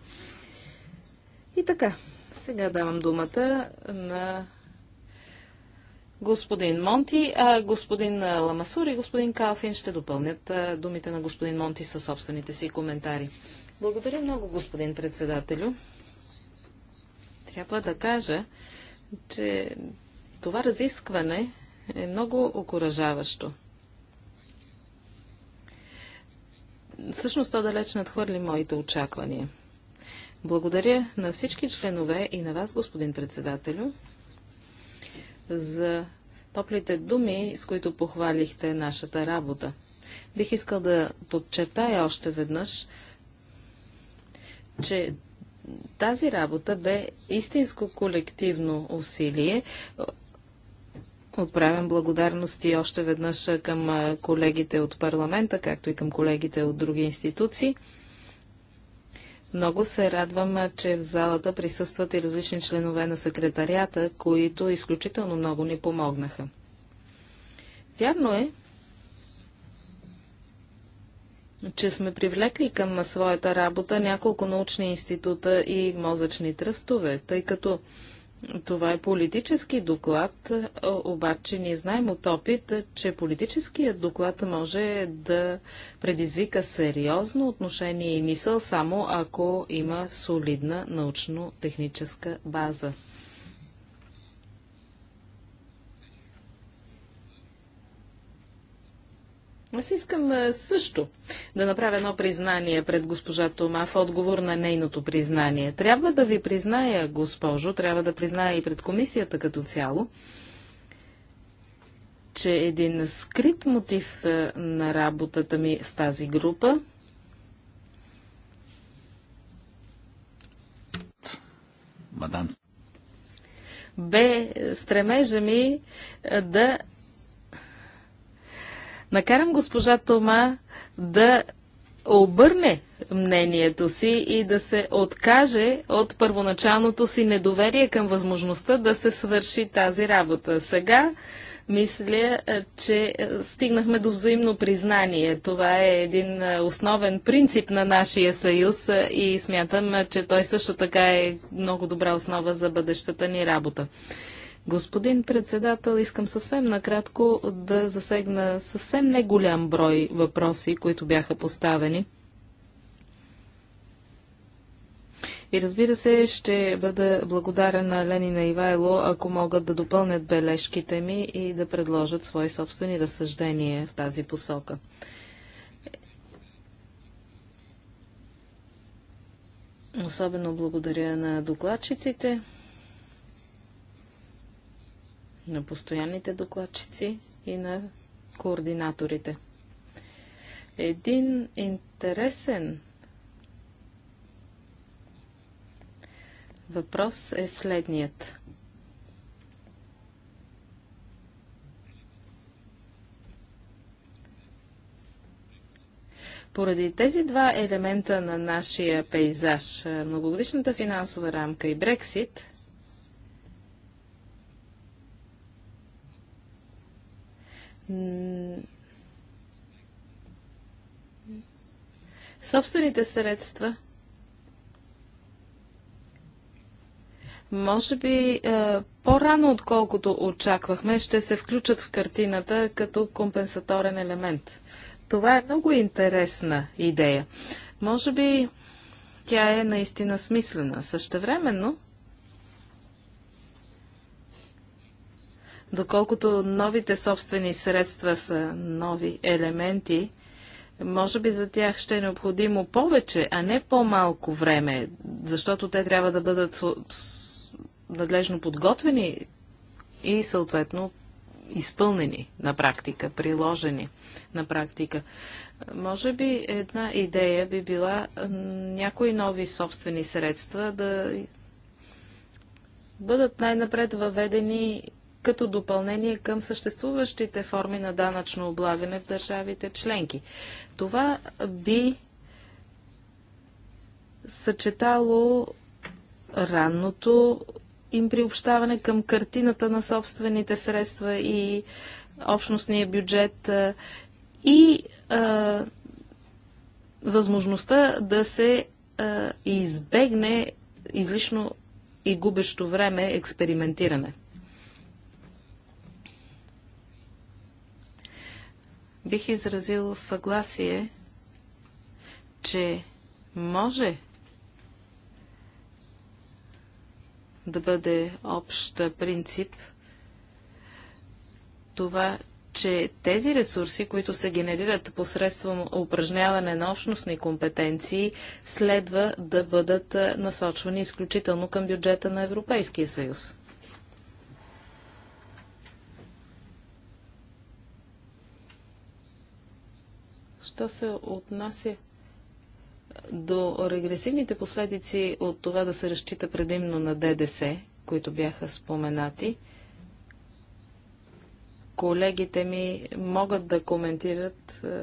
И така, сега давам думата на господин Монти, а господин Ламасур и господин Калфин ще допълнят думите на господин Монти със собствените си коментари. Благодаря много, господин председателю. Трябва да кажа, че това разискване е много окоръжаващо. Всъщност то далеч надхвърли моите очаквания. Благодаря на всички членове и на вас, господин председателю, за топлите думи, с които похвалихте нашата работа. Бих искал да подчертая още веднъж, че тази работа бе истинско колективно усилие. Отправям благодарности още веднъж към колегите от парламента, както и към колегите от други институции. Много се радвам, че в залата присъстват и различни членове на секретарията, които изключително много ни помогнаха. Вярно е, че сме привлекли към своята работа няколко научни института и мозъчни тръстове, тъй като това е политически доклад, обаче ние знаем от опит, че политическият доклад може да предизвика сериозно отношение и мисъл само ако има солидна научно-техническа база. Аз искам също да направя едно признание пред госпожа Тома в отговор на нейното признание. Трябва да ви призная, госпожо, трябва да призная и пред комисията като цяло, че един скрит мотив на работата ми в тази група Мадам бе стремежа ми да накарам госпожа Тома да обърне мнението си и да се откаже от първоначалното си недоверие към възможността да се свърши тази работа. Сега мисля, е, че е, стигнахме до взаимно признание. Това е един е, основен принцип на нашия съюз и смятам, че той също така е много добра основа за бъдещата ни работа. Господин председател, искам съвсем накратко да засегна съвсем не голям брой въпроси, които бяха поставени. И разбира се, ще бъда благодарен на Ленина Ивайло, ако могат да допълнят бележките ми и да предложат свои собствени разсъждения в тази посока. Особено благодаря на докладчиците на постоянните докладчици и на координаторите. Един интересен въпрос е следният. Поради тези два елемента на нашия пейзаж, многогодишната финансова рамка и Брексит, Собствените средства може би е, по-рано, отколкото очаквахме, ще се включат в картината като компенсаторен елемент. Това е много интересна идея. Може би тя е наистина смислена. Същевременно, Доколкото новите собствени средства са нови елементи, може би за тях ще е необходимо повече, а не по-малко време, защото те трябва да бъдат надлежно подготвени и съответно изпълнени на практика, приложени на практика. Може би една идея би била някои нови собствени средства да бъдат най-напред въведени като допълнение към съществуващите форми на данъчно облагане в държавите членки. Това би съчетало ранното им приобщаване към картината на собствените средства и общностния бюджет и а, възможността да се а, избегне излишно и губещо време експериментиране. бих изразил съгласие, че може да бъде общ принцип това, че тези ресурси, които се генерират посредством упражняване на общностни компетенции, следва да бъдат насочвани изключително към бюджета на Европейския съюз. Що се отнася до регресивните последици от това да се разчита предимно на ДДС, които бяха споменати, колегите ми могат да коментират, е,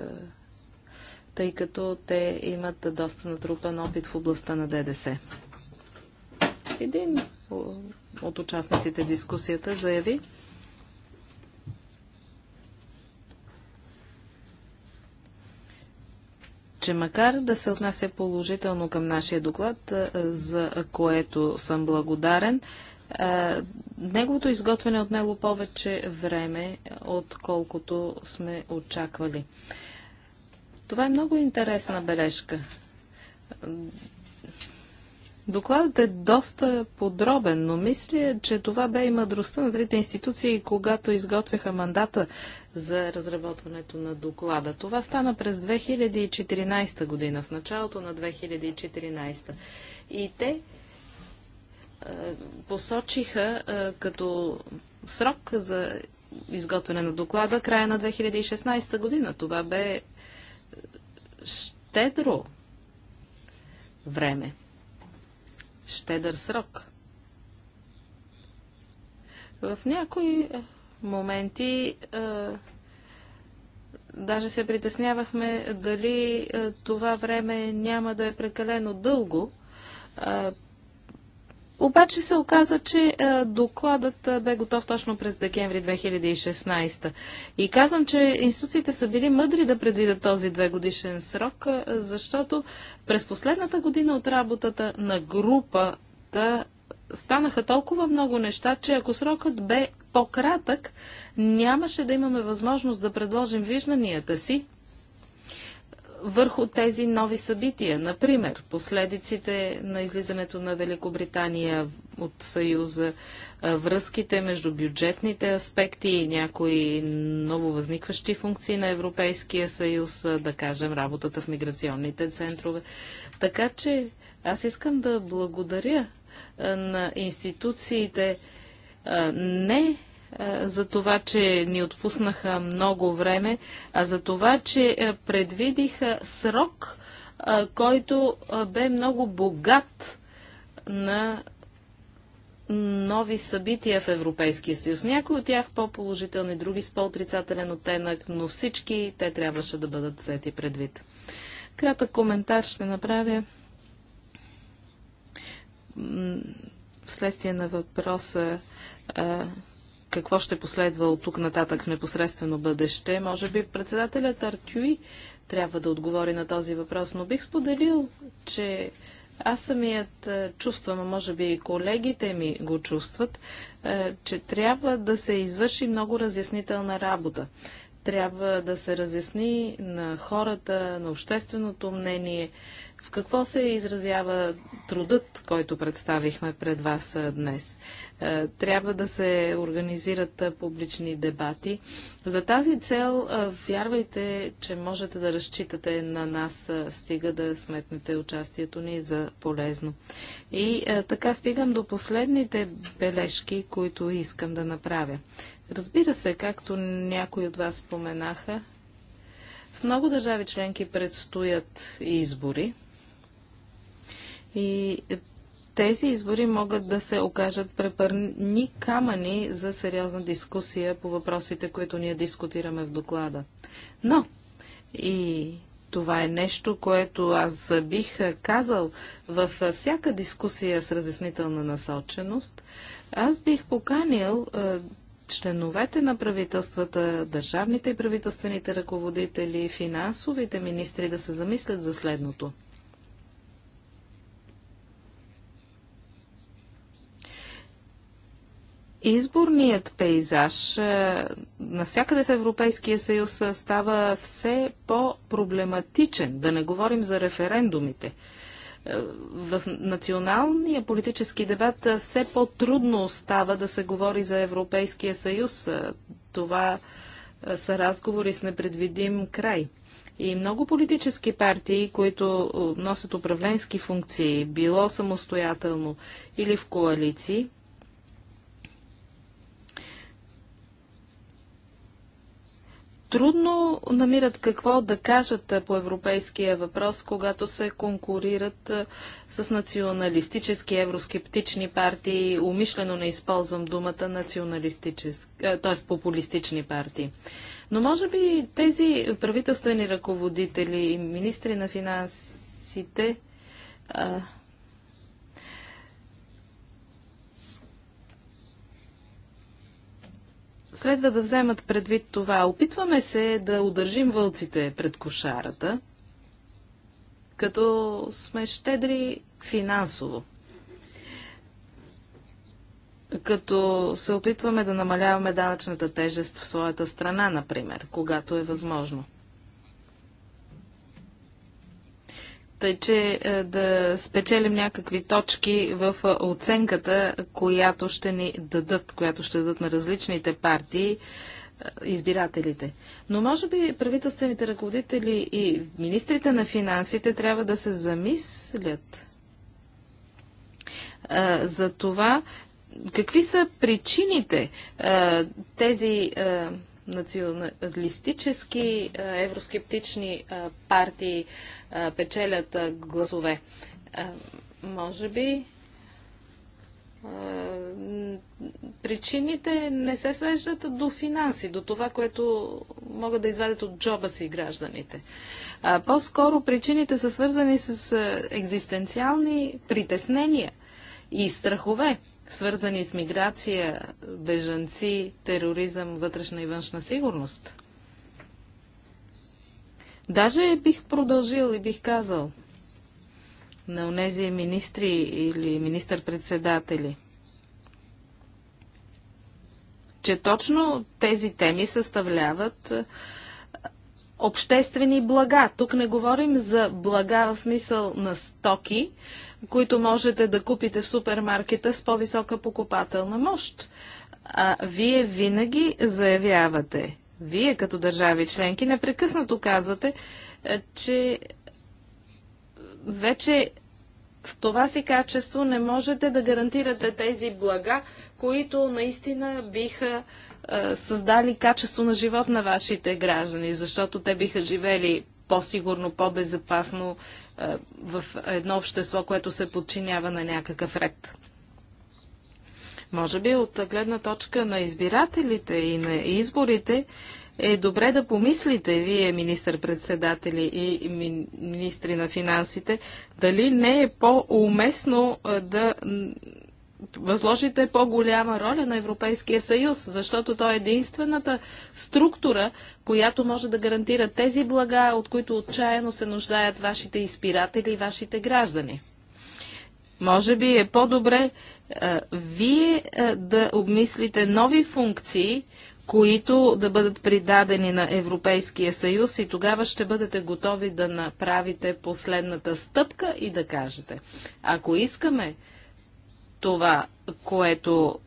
тъй като те имат доста натрупан опит в областта на ДДС. Един от участниците в дискусията заяви, че макар да се отнася положително към нашия доклад, за което съм благодарен, неговото изготвяне е отнело повече време, отколкото сме очаквали. Това е много интересна бележка. Докладът е доста подробен, но мисля, че това бе и мъдростта на трите институции, когато изготвяха мандата за разработването на доклада. Това стана през 2014 година, в началото на 2014. И те е, посочиха е, като срок за изготвяне на доклада края на 2016 година. Това бе е, щедро време щедър срок. В някои е, моменти а, е, даже се притеснявахме дали а, е, това време няма да е прекалено дълго. А, обаче се оказа, че е, докладът е, бе готов точно през декември 2016. И казвам, че институциите са били мъдри да предвидят този две годишен срок, е, защото през последната година от работата на групата станаха толкова много неща, че ако срокът бе по-кратък, нямаше да имаме възможност да предложим вижданията си върху тези нови събития. Например, последиците на излизането на Великобритания от Съюза, връзките между бюджетните аспекти и някои нововъзникващи функции на Европейския съюз, да кажем работата в миграционните центрове. Така че аз искам да благодаря на институциите не е, за това, че ни отпуснаха много време, а за това, че е, предвидиха срок, е, който бе много богат на нови събития в Европейския съюз. Някои от тях по-положителни, други с по-отрицателен оттенък, но всички те трябваше да бъдат взети предвид. Кратък коментар ще направя вследствие на въпроса какво ще последва от тук нататък в непосредствено бъдеще. Може би председателят Артюи трябва да отговори на този въпрос, но бих споделил, че аз самият е, чувствам, а може би и колегите ми го чувстват, е, че трябва да се извърши много разяснителна работа. Трябва да се разясни на хората, на общественото мнение, в какво се изразява трудът, който представихме пред вас днес? Трябва да се организират публични дебати. За тази цел вярвайте, че можете да разчитате на нас, стига да сметнете участието ни за полезно. И така стигам до последните бележки, които искам да направя. Разбира се, както някои от вас споменаха, в много държави членки предстоят избори. И тези избори могат да се окажат препърни камъни за сериозна дискусия по въпросите, които ние дискутираме в доклада. Но и това е нещо, което аз бих казал във всяка дискусия с разяснителна насоченост. Аз бих поканил членовете на правителствата, държавните и правителствените ръководители, финансовите министри да се замислят за следното – изборният пейзаж е, навсякъде в Европейския съюз е, става все по-проблематичен, да не говорим за референдумите. Е, в националния политически дебат все по-трудно става да се говори за Европейския съюз. Това са разговори с непредвидим край. И много политически партии, които носят управленски функции, било самостоятелно или в коалиции, трудно намират какво да кажат по европейския въпрос, когато се конкурират с националистически евроскептични партии. Умишлено не използвам думата националистически, т.е. популистични партии. Но може би тези правителствени ръководители и министри на финансите а, следва да вземат предвид това. Опитваме се да удържим вълците пред кошарата, като сме щедри финансово. Като се опитваме да намаляваме данъчната тежест в своята страна, например, когато е възможно – тъй е, че е, да спечелим някакви точки в е, оценката, която ще ни дадат, която ще дадат на различните партии избирателите. Но може би правителствените ръководители и министрите на финансите трябва да се замислят за това какви са причините тези националистически евроскептични партии печелят гласове. Може би причините не се свеждат до финанси, до това, което могат да извадят от джоба си гражданите. по-скоро причините са свързани с екзистенциални притеснения и страхове свързани с миграция, бежанци, тероризъм, вътрешна и външна сигурност. Даже бих продължил и бих казал на онези министри или министър-председатели, че точно тези теми съставляват обществени блага. Тук не говорим за блага в смисъл на стоки, които можете да купите в супермаркета с по-висока покупателна мощ. А вие винаги заявявате, вие като държави членки непрекъснато казвате, е, че вече в това си качество не можете да гарантирате тези блага, които наистина биха е, създали качество на живот на вашите граждани, защото те биха живели по-сигурно, по-безопасно е, в едно общество, което се подчинява на някакъв ред. Може би от гледна точка на избирателите и на изборите е добре да помислите, вие, министър-председатели и министри на финансите, дали не е по-уместно е, да възложите по-голяма роля на Европейския съюз, защото той е единствената структура, която може да гарантира тези блага, от които отчаяно се нуждаят вашите изпиратели и вашите граждани. Може би е по-добре е, вие а, е, да обмислите нови функции, които да бъдат придадени на Европейския съюз и тогава ще бъдете готови да направите последната стъпка и да кажете. Ако искаме това, което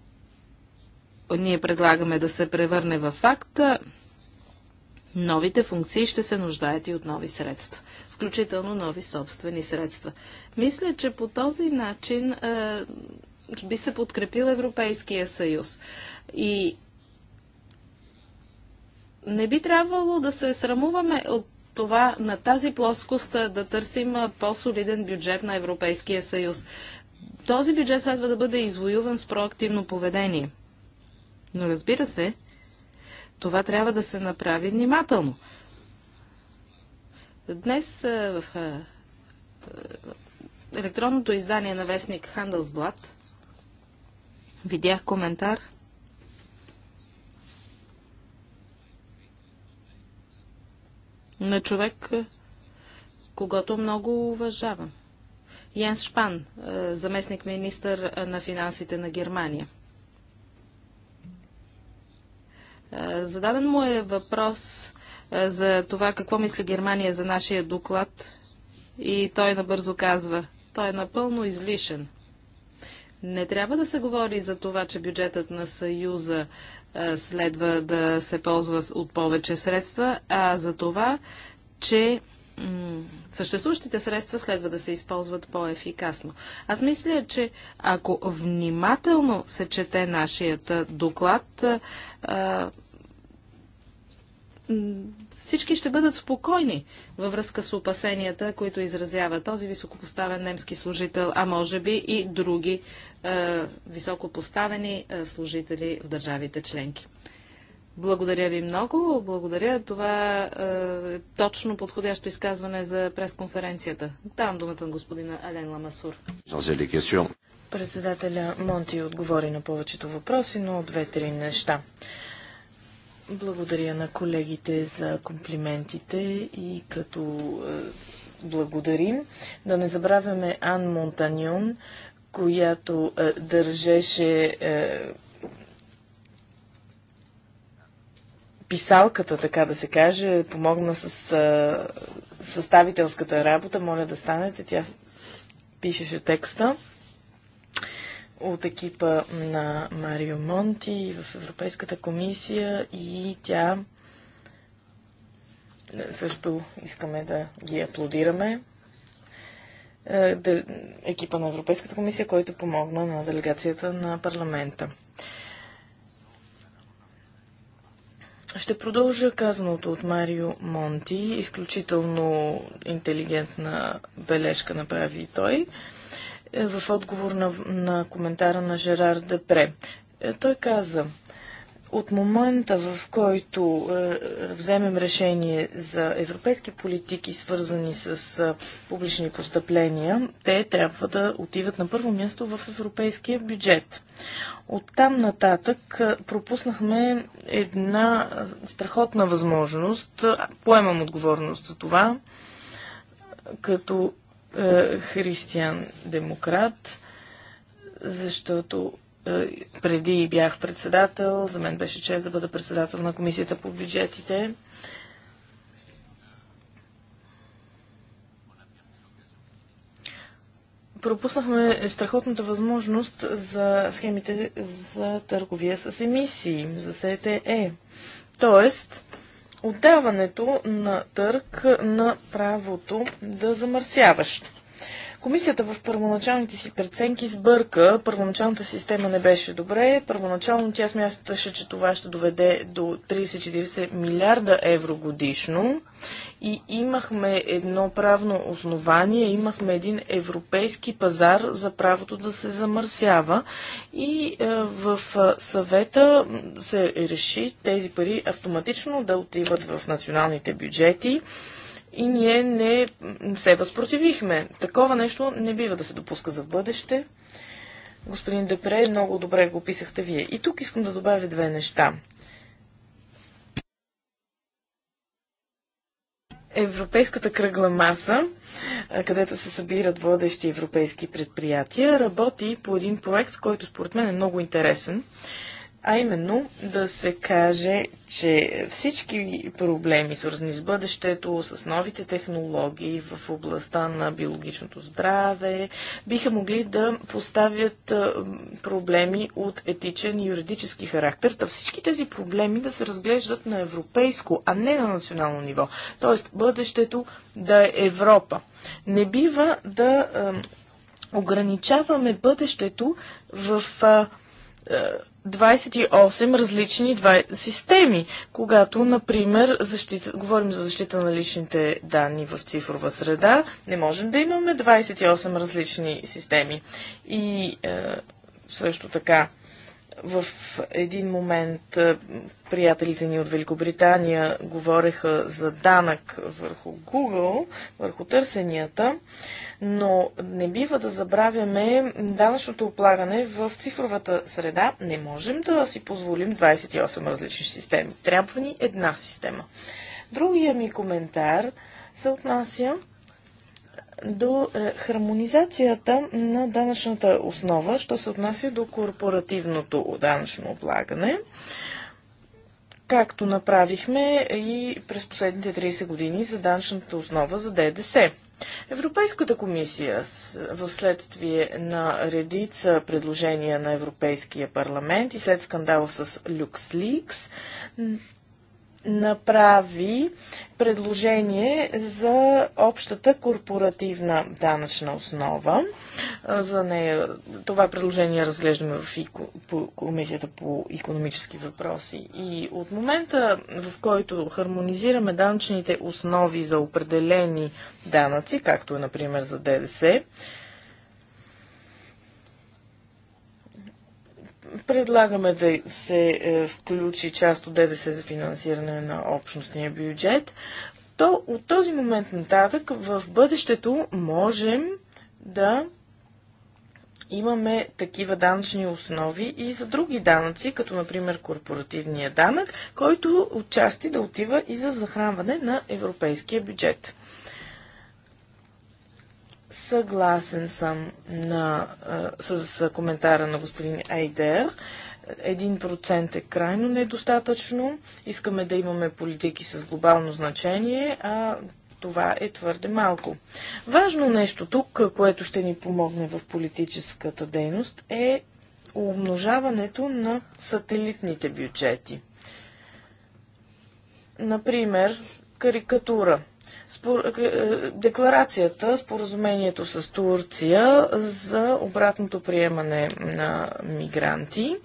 ние предлагаме да се превърне в факта, новите функции ще се нуждаят и от нови средства, включително нови собствени средства. Мисля, че по този начин е, би се подкрепил Европейския съюз. И не би трябвало да се срамуваме от това на тази плоскост е, да търсим е, по-солиден бюджет на Европейския съюз този бюджет следва да бъде извоюван с проактивно поведение. Но разбира се, това трябва да се направи внимателно. Днес в електронното издание на вестник Handelsblad видях коментар на човек, когато много уважавам. Йенс Шпан, е, заместник министър е, на финансите на Германия. Е, зададен му е въпрос за това какво мисли Германия за нашия доклад и той набързо казва, той е напълно излишен. Не трябва да се говори за това, че бюджетът на Съюза следва да се ползва от повече средства, а за това, че съществуващите средства следва да се използват по-ефикасно. Аз мисля, че ако внимателно се чете нашият доклад, всички ще бъдат спокойни във връзка с опасенията, които изразява този високопоставен немски служител, а може би и други високопоставени служители в държавите членки. Благодаря ви много. Благодаря. Това е точно подходящо изказване за пресконференцията. Давам думата на господина Ален Ламасур. Председателя Монти отговори на повечето въпроси, но две-три неща. Благодаря на колегите за комплиментите и като е, благодарим. Да не забравяме Ан Монтаньон, която е, държеше е, писалката, така да се каже, помогна с а, съставителската работа. Моля да станете. Тя пишеше текста от екипа на Марио Монти в Европейската комисия и тя е, също искаме да ги аплодираме. Е, екипа на Европейската комисия, който помогна на делегацията на парламента. Ще продължа казаното от Марио Монти. Изключително интелигентна бележка направи и той е, в отговор на, на коментара на Жерар Депре. Е, той каза, от момента в който е, вземем решение за европейски политики, свързани с е, публични постъпления, те трябва да отиват на първо място в европейския бюджет. Оттам нататък пропуснахме една страхотна възможност. Поемам отговорност за това, като е, християн-демократ, защото е, преди бях председател, за мен беше чест да бъда председател на Комисията по бюджетите. Е, пропуснахме страхотната възможност за схемите за търговия с емисии, за СТЕ. Тоест, отдаването на търг на правото да замърсяваш. Комисията в първоначалните си преценки сбърка. Първоначалната система не беше добре. Първоначално тя смяташе, че това ще доведе до 30-40 милиарда евро годишно и имахме едно правно основание, имахме един европейски пазар за правото да се замърсява и е, в е, съвета се реши тези пари автоматично да отиват в националните бюджети и ние не се възпротивихме. Такова нещо не бива да се допуска за бъдеще. Господин Депре, много добре го описахте вие. И тук искам да добавя две неща. Европейската кръгла маса, където се събират водещи европейски предприятия, работи по един проект, който според мен е много интересен. А именно да се каже, че всички проблеми, свързани с бъдещето, с новите технологии в областта на биологичното здраве, биха могли да поставят проблеми от етичен и юридически характер. Та всички тези проблеми да се разглеждат на европейско, а не на национално ниво. Тоест бъдещето да е Европа. Не бива да ограничаваме бъдещето в 28 различни системи, когато, например, защита... говорим за защита на личните данни в цифрова среда, не можем да имаме 28 различни системи. И е, също така в един момент е, приятелите ни от Великобритания говореха за данък върху Google, върху търсенията, но не бива да забравяме данъчното облагане в цифровата среда. Не можем да си позволим 28 различни системи. Трябва ни една система. Другия ми коментар се отнася до е, хармонизацията на данъчната основа, що се отнася до корпоративното данъчно облагане както направихме и през последните 30 години за данъчната основа за ДДС. Европейската комисия в следствие на редица предложения на Европейския парламент и след скандала с LuxLeaks направи предложение за общата корпоративна данъчна основа. За нея това предложение разглеждаме в Комисията по економически въпроси. И от момента, в който хармонизираме данъчните основи за определени данъци, както е, например, за ДДС, Предлагаме да се е, включи част от ДДС за финансиране на общностния бюджет. То от този момент нататък в бъдещето можем да имаме такива данъчни основи и за други данъци, като например корпоративния данък, който отчасти да отива и за захранване на европейския бюджет. Съгласен съм на, с, с коментара на господин Айдер. 1% е крайно недостатъчно. Искаме да имаме политики с глобално значение, а това е твърде малко. Важно нещо тук, което ще ни помогне в политическата дейност, е умножаването на сателитните бюджети. Например, карикатура – спор... Е, е, декларацията, споразумението с Турция за обратното приемане на мигранти,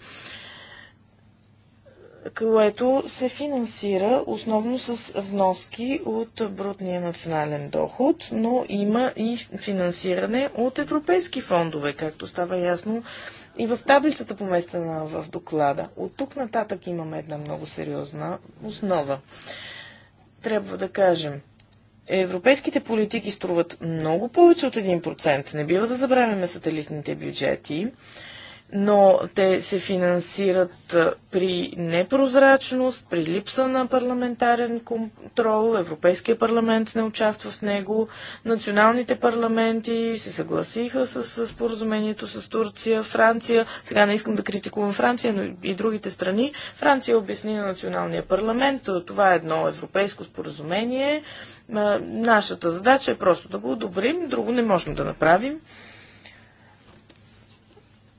което се финансира основно с вноски от брутния национален доход, но има и финансиране от европейски фондове, както става ясно и в таблицата поместена в доклада. От тук нататък имаме една много сериозна основа. Трябва да кажем, Европейските политики струват много повече от 1%. Не бива да забравяме сателитните бюджети но те се финансират при непрозрачност, при липса на парламентарен контрол, Европейския парламент не участва в него, националните парламенти се съгласиха с споразумението с Турция, Франция, сега не искам да критикувам Франция, но и другите страни, Франция обясни на националния парламент, това е едно европейско споразумение, нашата задача е просто да го одобрим, друго не можем да направим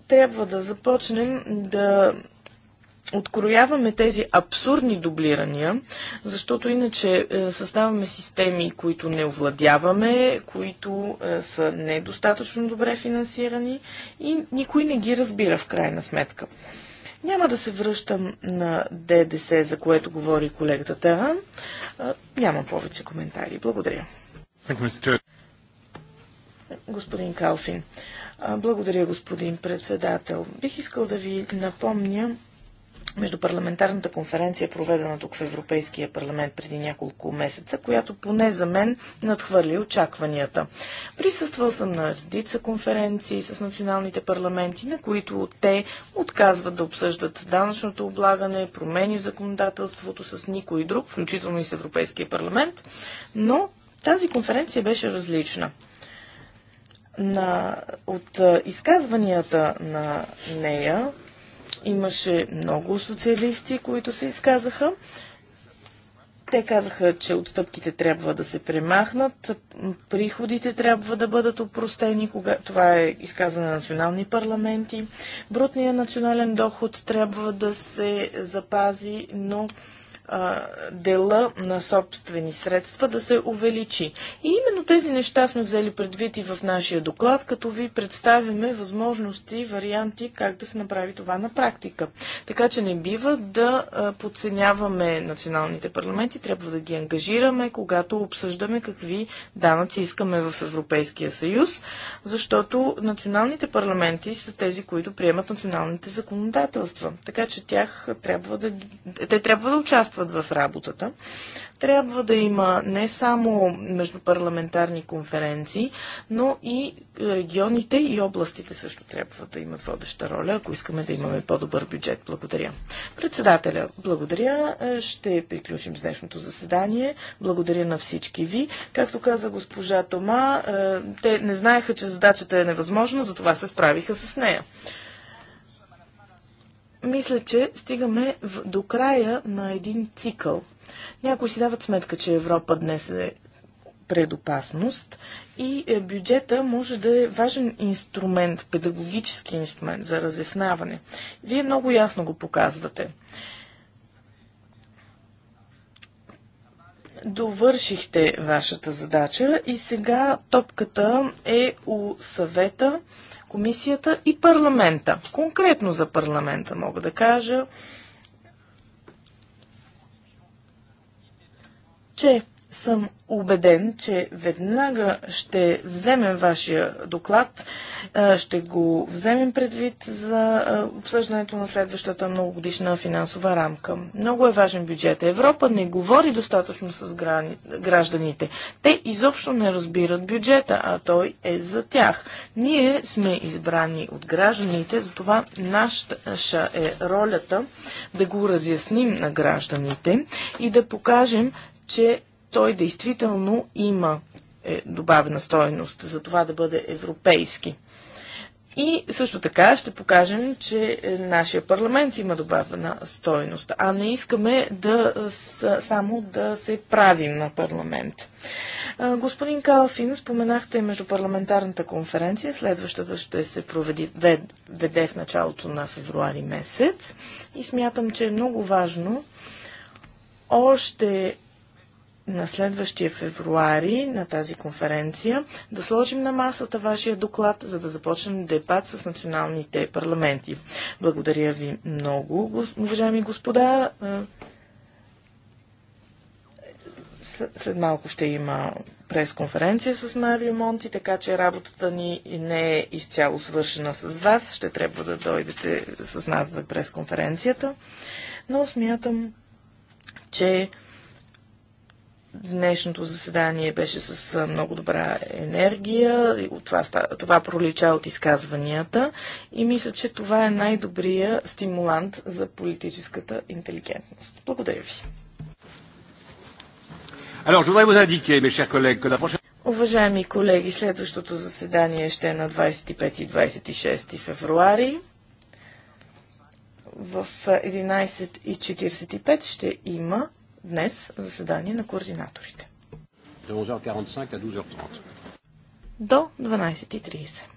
трябва да започнем да открояваме тези абсурдни дублирания, защото иначе съставаме създаваме системи, които не овладяваме, които е, са недостатъчно добре финансирани и никой не ги разбира в крайна сметка. Няма да се връщам на ДДС, за което говори колегата Таран. Няма повече коментари. Благодаря. Господин Калфин. Благодаря, господин председател. Бих искал да ви напомня Междупарламентарната конференция, проведена тук в Европейския парламент преди няколко месеца, която поне за мен надхвърли очакванията. Присъствал съм на редица конференции с националните парламенти, на които те отказват да обсъждат данъчното облагане, промени в законодателството с никой друг, включително и с Европейския парламент, но тази конференция беше различна. На от изказванията на нея имаше много социалисти, които се изказаха. Те казаха, че отстъпките трябва да се премахнат, приходите трябва да бъдат опростени, кога... това е изказване на национални парламенти, брутният национален доход трябва да се запази, но дела на собствени средства да се увеличи. И именно тези неща сме взели предвид и в нашия доклад, като ви представяме възможности, варианти как да се направи това на практика. Така че не бива да подценяваме националните парламенти, трябва да ги ангажираме, когато обсъждаме какви данъци искаме в Европейския съюз, защото националните парламенти са тези, които приемат националните законодателства. Така че тях трябва да, те трябва да участват участват в работата. Трябва да има не само междупарламентарни конференции, но и регионите и областите също трябва да имат водеща роля, ако искаме да имаме по-добър бюджет. Благодаря. Председателя, благодаря. Ще приключим с днешното заседание. Благодаря на всички ви. Както каза госпожа Тома, е, те не знаеха, че задачата е невъзможна, затова се справиха с нея мисля, че стигаме до края на един цикъл. Някои си дават сметка, че Европа днес е предопасност и е, бюджета може да е важен инструмент, педагогически инструмент за разясняване. Вие много ясно го показвате. Довършихте вашата задача и сега топката е у съвета комисията и парламента. Конкретно за парламента мога да кажа, че съм убеден, че веднага ще вземем вашия доклад, ще го вземем предвид за обсъждането на следващата многогодишна финансова рамка. Много е важен бюджет. Европа не говори достатъчно с гражданите. Те изобщо не разбират бюджета, а той е за тях. Ние сме избрани от гражданите, затова наша е ролята да го разясним на гражданите и да покажем, че той действително има е, добавена стоеност за това да бъде европейски. И също така ще покажем, че е, нашия парламент има добавена стойност, а не искаме да е, само да се правим на парламент. Господин Калфин, споменахте междупарламентарната конференция. Следващата ще се проведи веде в началото на февруари месец. И смятам, че е много важно още на следващия февруари на тази конференция да сложим на масата вашия доклад, за да започнем дебат с националните парламенти. Благодаря ви много, уважаеми господа. След малко ще има пресконференция с Марио Монти, така че работата ни не е изцяло свършена с вас. Ще трябва да дойдете с нас за пресконференцията. Но смятам, че Днешното заседание беше с много добра енергия. Това, това пролича от изказванията и мисля, че това е най-добрия стимулант за политическата интелигентност. Благодаря ви. Уважаеми колеги, следващото заседание ще е на 25 и 26 февруари. В 11.45 ще има днес заседание на координаторите. До 12.30.